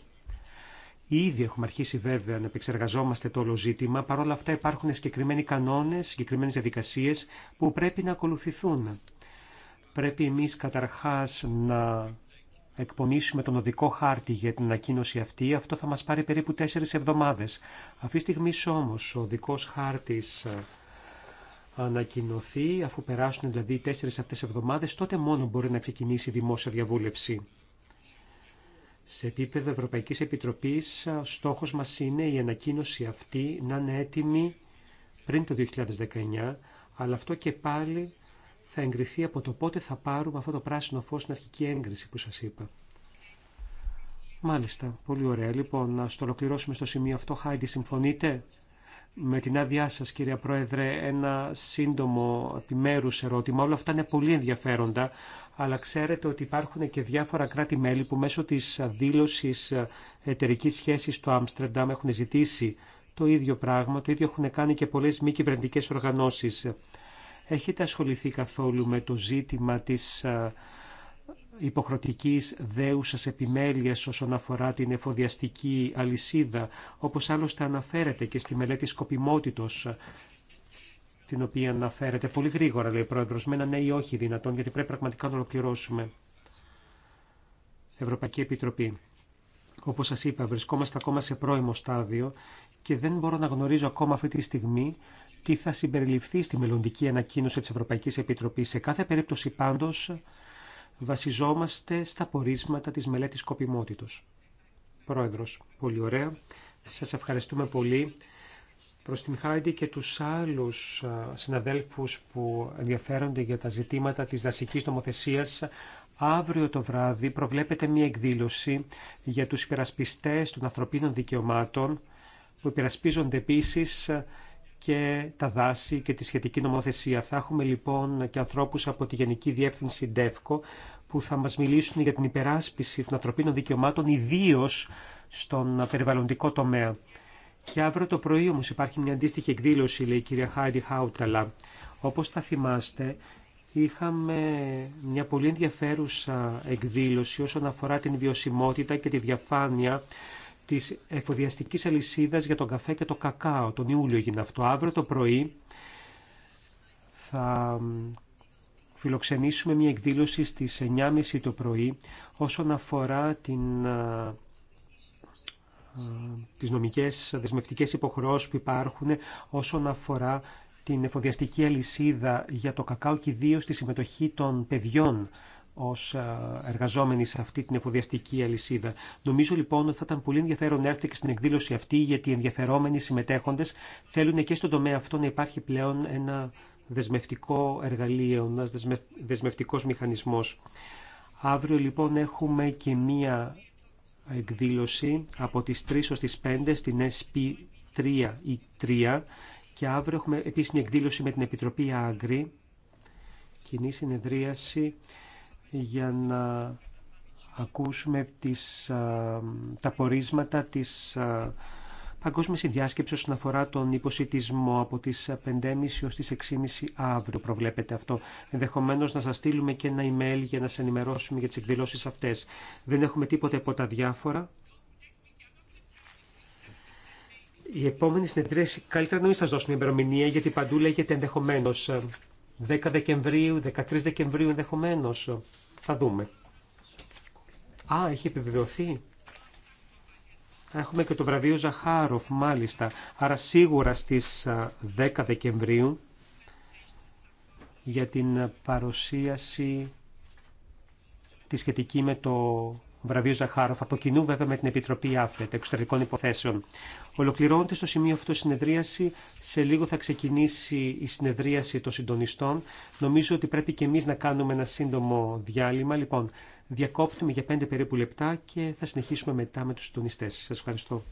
Ήδη έχουμε αρχίσει βέβαια να επεξεργαζόμαστε το όλο ζήτημα, παρόλα αυτά υπάρχουν συγκεκριμένοι κανόνες, συγκεκριμένε διαδικασίες που πρέπει να ακολουθηθούν. Πρέπει εμείς καταρχάς να εκπονήσουμε τον οδικό χάρτη για την ανακοίνωση αυτή. Αυτό θα μας πάρει περίπου τέσσερις εβδομάδες. Αυτή τη στιγμή όμως ο οδικός χάρτης ανακοινωθεί, αφού περάσουν δηλαδή τέσσερι αυτέ αυτές εβδομάδες, τότε μόνο μπορεί να ξεκινήσει η δημόσια διαβούλευση. Σε επίπεδο Ευρωπαϊκής Επιτροπής, στόχος μας είναι η ανακοίνωση αυτή να είναι έτοιμη πριν το 2019, αλλά αυτό και πάλι θα εγκριθεί από το πότε θα πάρουμε αυτό το πράσινο φως στην αρχική έγκριση που σας είπα. Μάλιστα, πολύ ωραία. Λοιπόν, να στο ολοκληρώσουμε στο σημείο αυτό. Χάιντι, συμφωνείτε? με την άδειά σα, κυρία Πρόεδρε, ένα σύντομο επιμέρου ερώτημα. Όλα αυτά είναι πολύ ενδιαφέροντα, αλλά ξέρετε ότι υπάρχουν και διάφορα κράτη-μέλη που μέσω τη δήλωση εταιρική σχέση του Άμστερνταμ έχουν ζητήσει το ίδιο πράγμα. Το ίδιο έχουν κάνει και πολλέ μη κυβερνητικέ οργανώσει. Έχετε ασχοληθεί καθόλου με το ζήτημα της υποχρεωτικής δέουσας επιμέλειας όσον αφορά την εφοδιαστική αλυσίδα, όπως άλλωστε αναφέρεται και στη μελέτη σκοπιμότητος την οποία αναφέρεται πολύ γρήγορα, λέει ο Πρόεδρος, με ένα ναι ή όχι δυνατόν, γιατί πρέπει πραγματικά να ολοκληρώσουμε. Ευρωπαϊκή Επιτροπή. Όπως σας είπα, βρισκόμαστε ακόμα σε πρώιμο στάδιο και δεν μπορώ να γνωρίζω ακόμα αυτή τη στιγμή τι θα συμπεριληφθεί στη μελλοντική ανακοίνωση της Ευρωπαϊκής Επιτροπής. Σε κάθε περίπτωση πάντως βασιζόμαστε στα πορίσματα της μελέτης κοπιμότητος. Πρόεδρος, πολύ ωραία. Σας ευχαριστούμε πολύ. Προς την Χάιντι και τους άλλους συναδέλφους που ενδιαφέρονται για τα ζητήματα της δασικής νομοθεσίας, Αύριο το βράδυ προβλέπεται μία εκδήλωση για τους υπερασπιστές των ανθρωπίνων δικαιωμάτων, που υπερασπίζονται επίσης και τα δάση και τη σχετική νομοθεσία. Θα έχουμε λοιπόν και ανθρώπους από τη Γενική Διεύθυνση ΔΕΦΚΟ που θα μας μιλήσουν για την υπεράσπιση των ανθρωπίνων δικαιωμάτων ιδίω στον περιβαλλοντικό τομέα. Και αύριο το πρωί όμως υπάρχει μια αντίστοιχη εκδήλωση, λέει η κυρία Χάιντι Χάουταλα. Όπως θα θυμάστε, είχαμε μια πολύ ενδιαφέρουσα εκδήλωση όσον αφορά την βιωσιμότητα και τη διαφάνεια Τη εφοδιαστική αλυσίδα για τον καφέ και το κακάο. Τον Ιούλιο έγινε αυτό. Αύριο το πρωί θα φιλοξενήσουμε μια εκδήλωση στις 9.30 το πρωί όσον αφορά την, τις νομικές δεσμευτικές υποχρεώσεις που υπάρχουν όσον αφορά την εφοδιαστική αλυσίδα για το κακάο και ιδίως τη συμμετοχή των παιδιών ως εργαζόμενοι σε αυτή την εφοδιαστική αλυσίδα. Νομίζω λοιπόν ότι θα ήταν πολύ ενδιαφέρον να έρθει και στην εκδήλωση αυτή γιατί οι ενδιαφερόμενοι συμμετέχοντες θέλουν και στον τομέα αυτό να υπάρχει πλέον ένα δεσμευτικό εργαλείο, ένα δεσμευτικός μηχανισμός. Αύριο λοιπόν έχουμε και μία εκδήλωση από τις 3 ως τις 5 στην SP3 ή 3 και αύριο έχουμε μια εκδήλωση με την Επιτροπή Άγκρη, κοινή συνεδρίαση για να ακούσουμε τις, τα πορίσματα της παγκόσμιας διάσκεψης όσον αφορά τον υποσυτισμό από τις 5.30 έως τις 6.30 αύριο προβλέπετε αυτό. Ενδεχομένως να σας στείλουμε και ένα email για να σας ενημερώσουμε για τις εκδηλώσεις αυτές. Δεν έχουμε τίποτα από τα διάφορα. Η επόμενη συνεδρίαση, καλύτερα να μην σας δώσουμε ημερομηνία γιατί παντού λέγεται ενδεχομένως. Ε, 10 Δεκεμβρίου, 13 Δεκεμβρίου ενδεχομένω. Θα δούμε. Α, έχει επιβεβαιωθεί. Έχουμε και το βραβείο Ζαχάροφ, μάλιστα. Άρα σίγουρα στις 10 Δεκεμβρίου για την παρουσίαση τη σχετική με το βραβείο Ζαχάροφ, από κοινού βέβαια με την Επιτροπή ΑΦΕΤ, εξωτερικών υποθέσεων. Ολοκληρώνεται στο σημείο αυτό η συνεδρίαση. Σε λίγο θα ξεκινήσει η συνεδρίαση των συντονιστών. Νομίζω ότι πρέπει και εμείς να κάνουμε ένα σύντομο διάλειμμα. Λοιπόν, διακόπτουμε για πέντε περίπου λεπτά και θα συνεχίσουμε μετά με τους συντονιστές. Σας ευχαριστώ.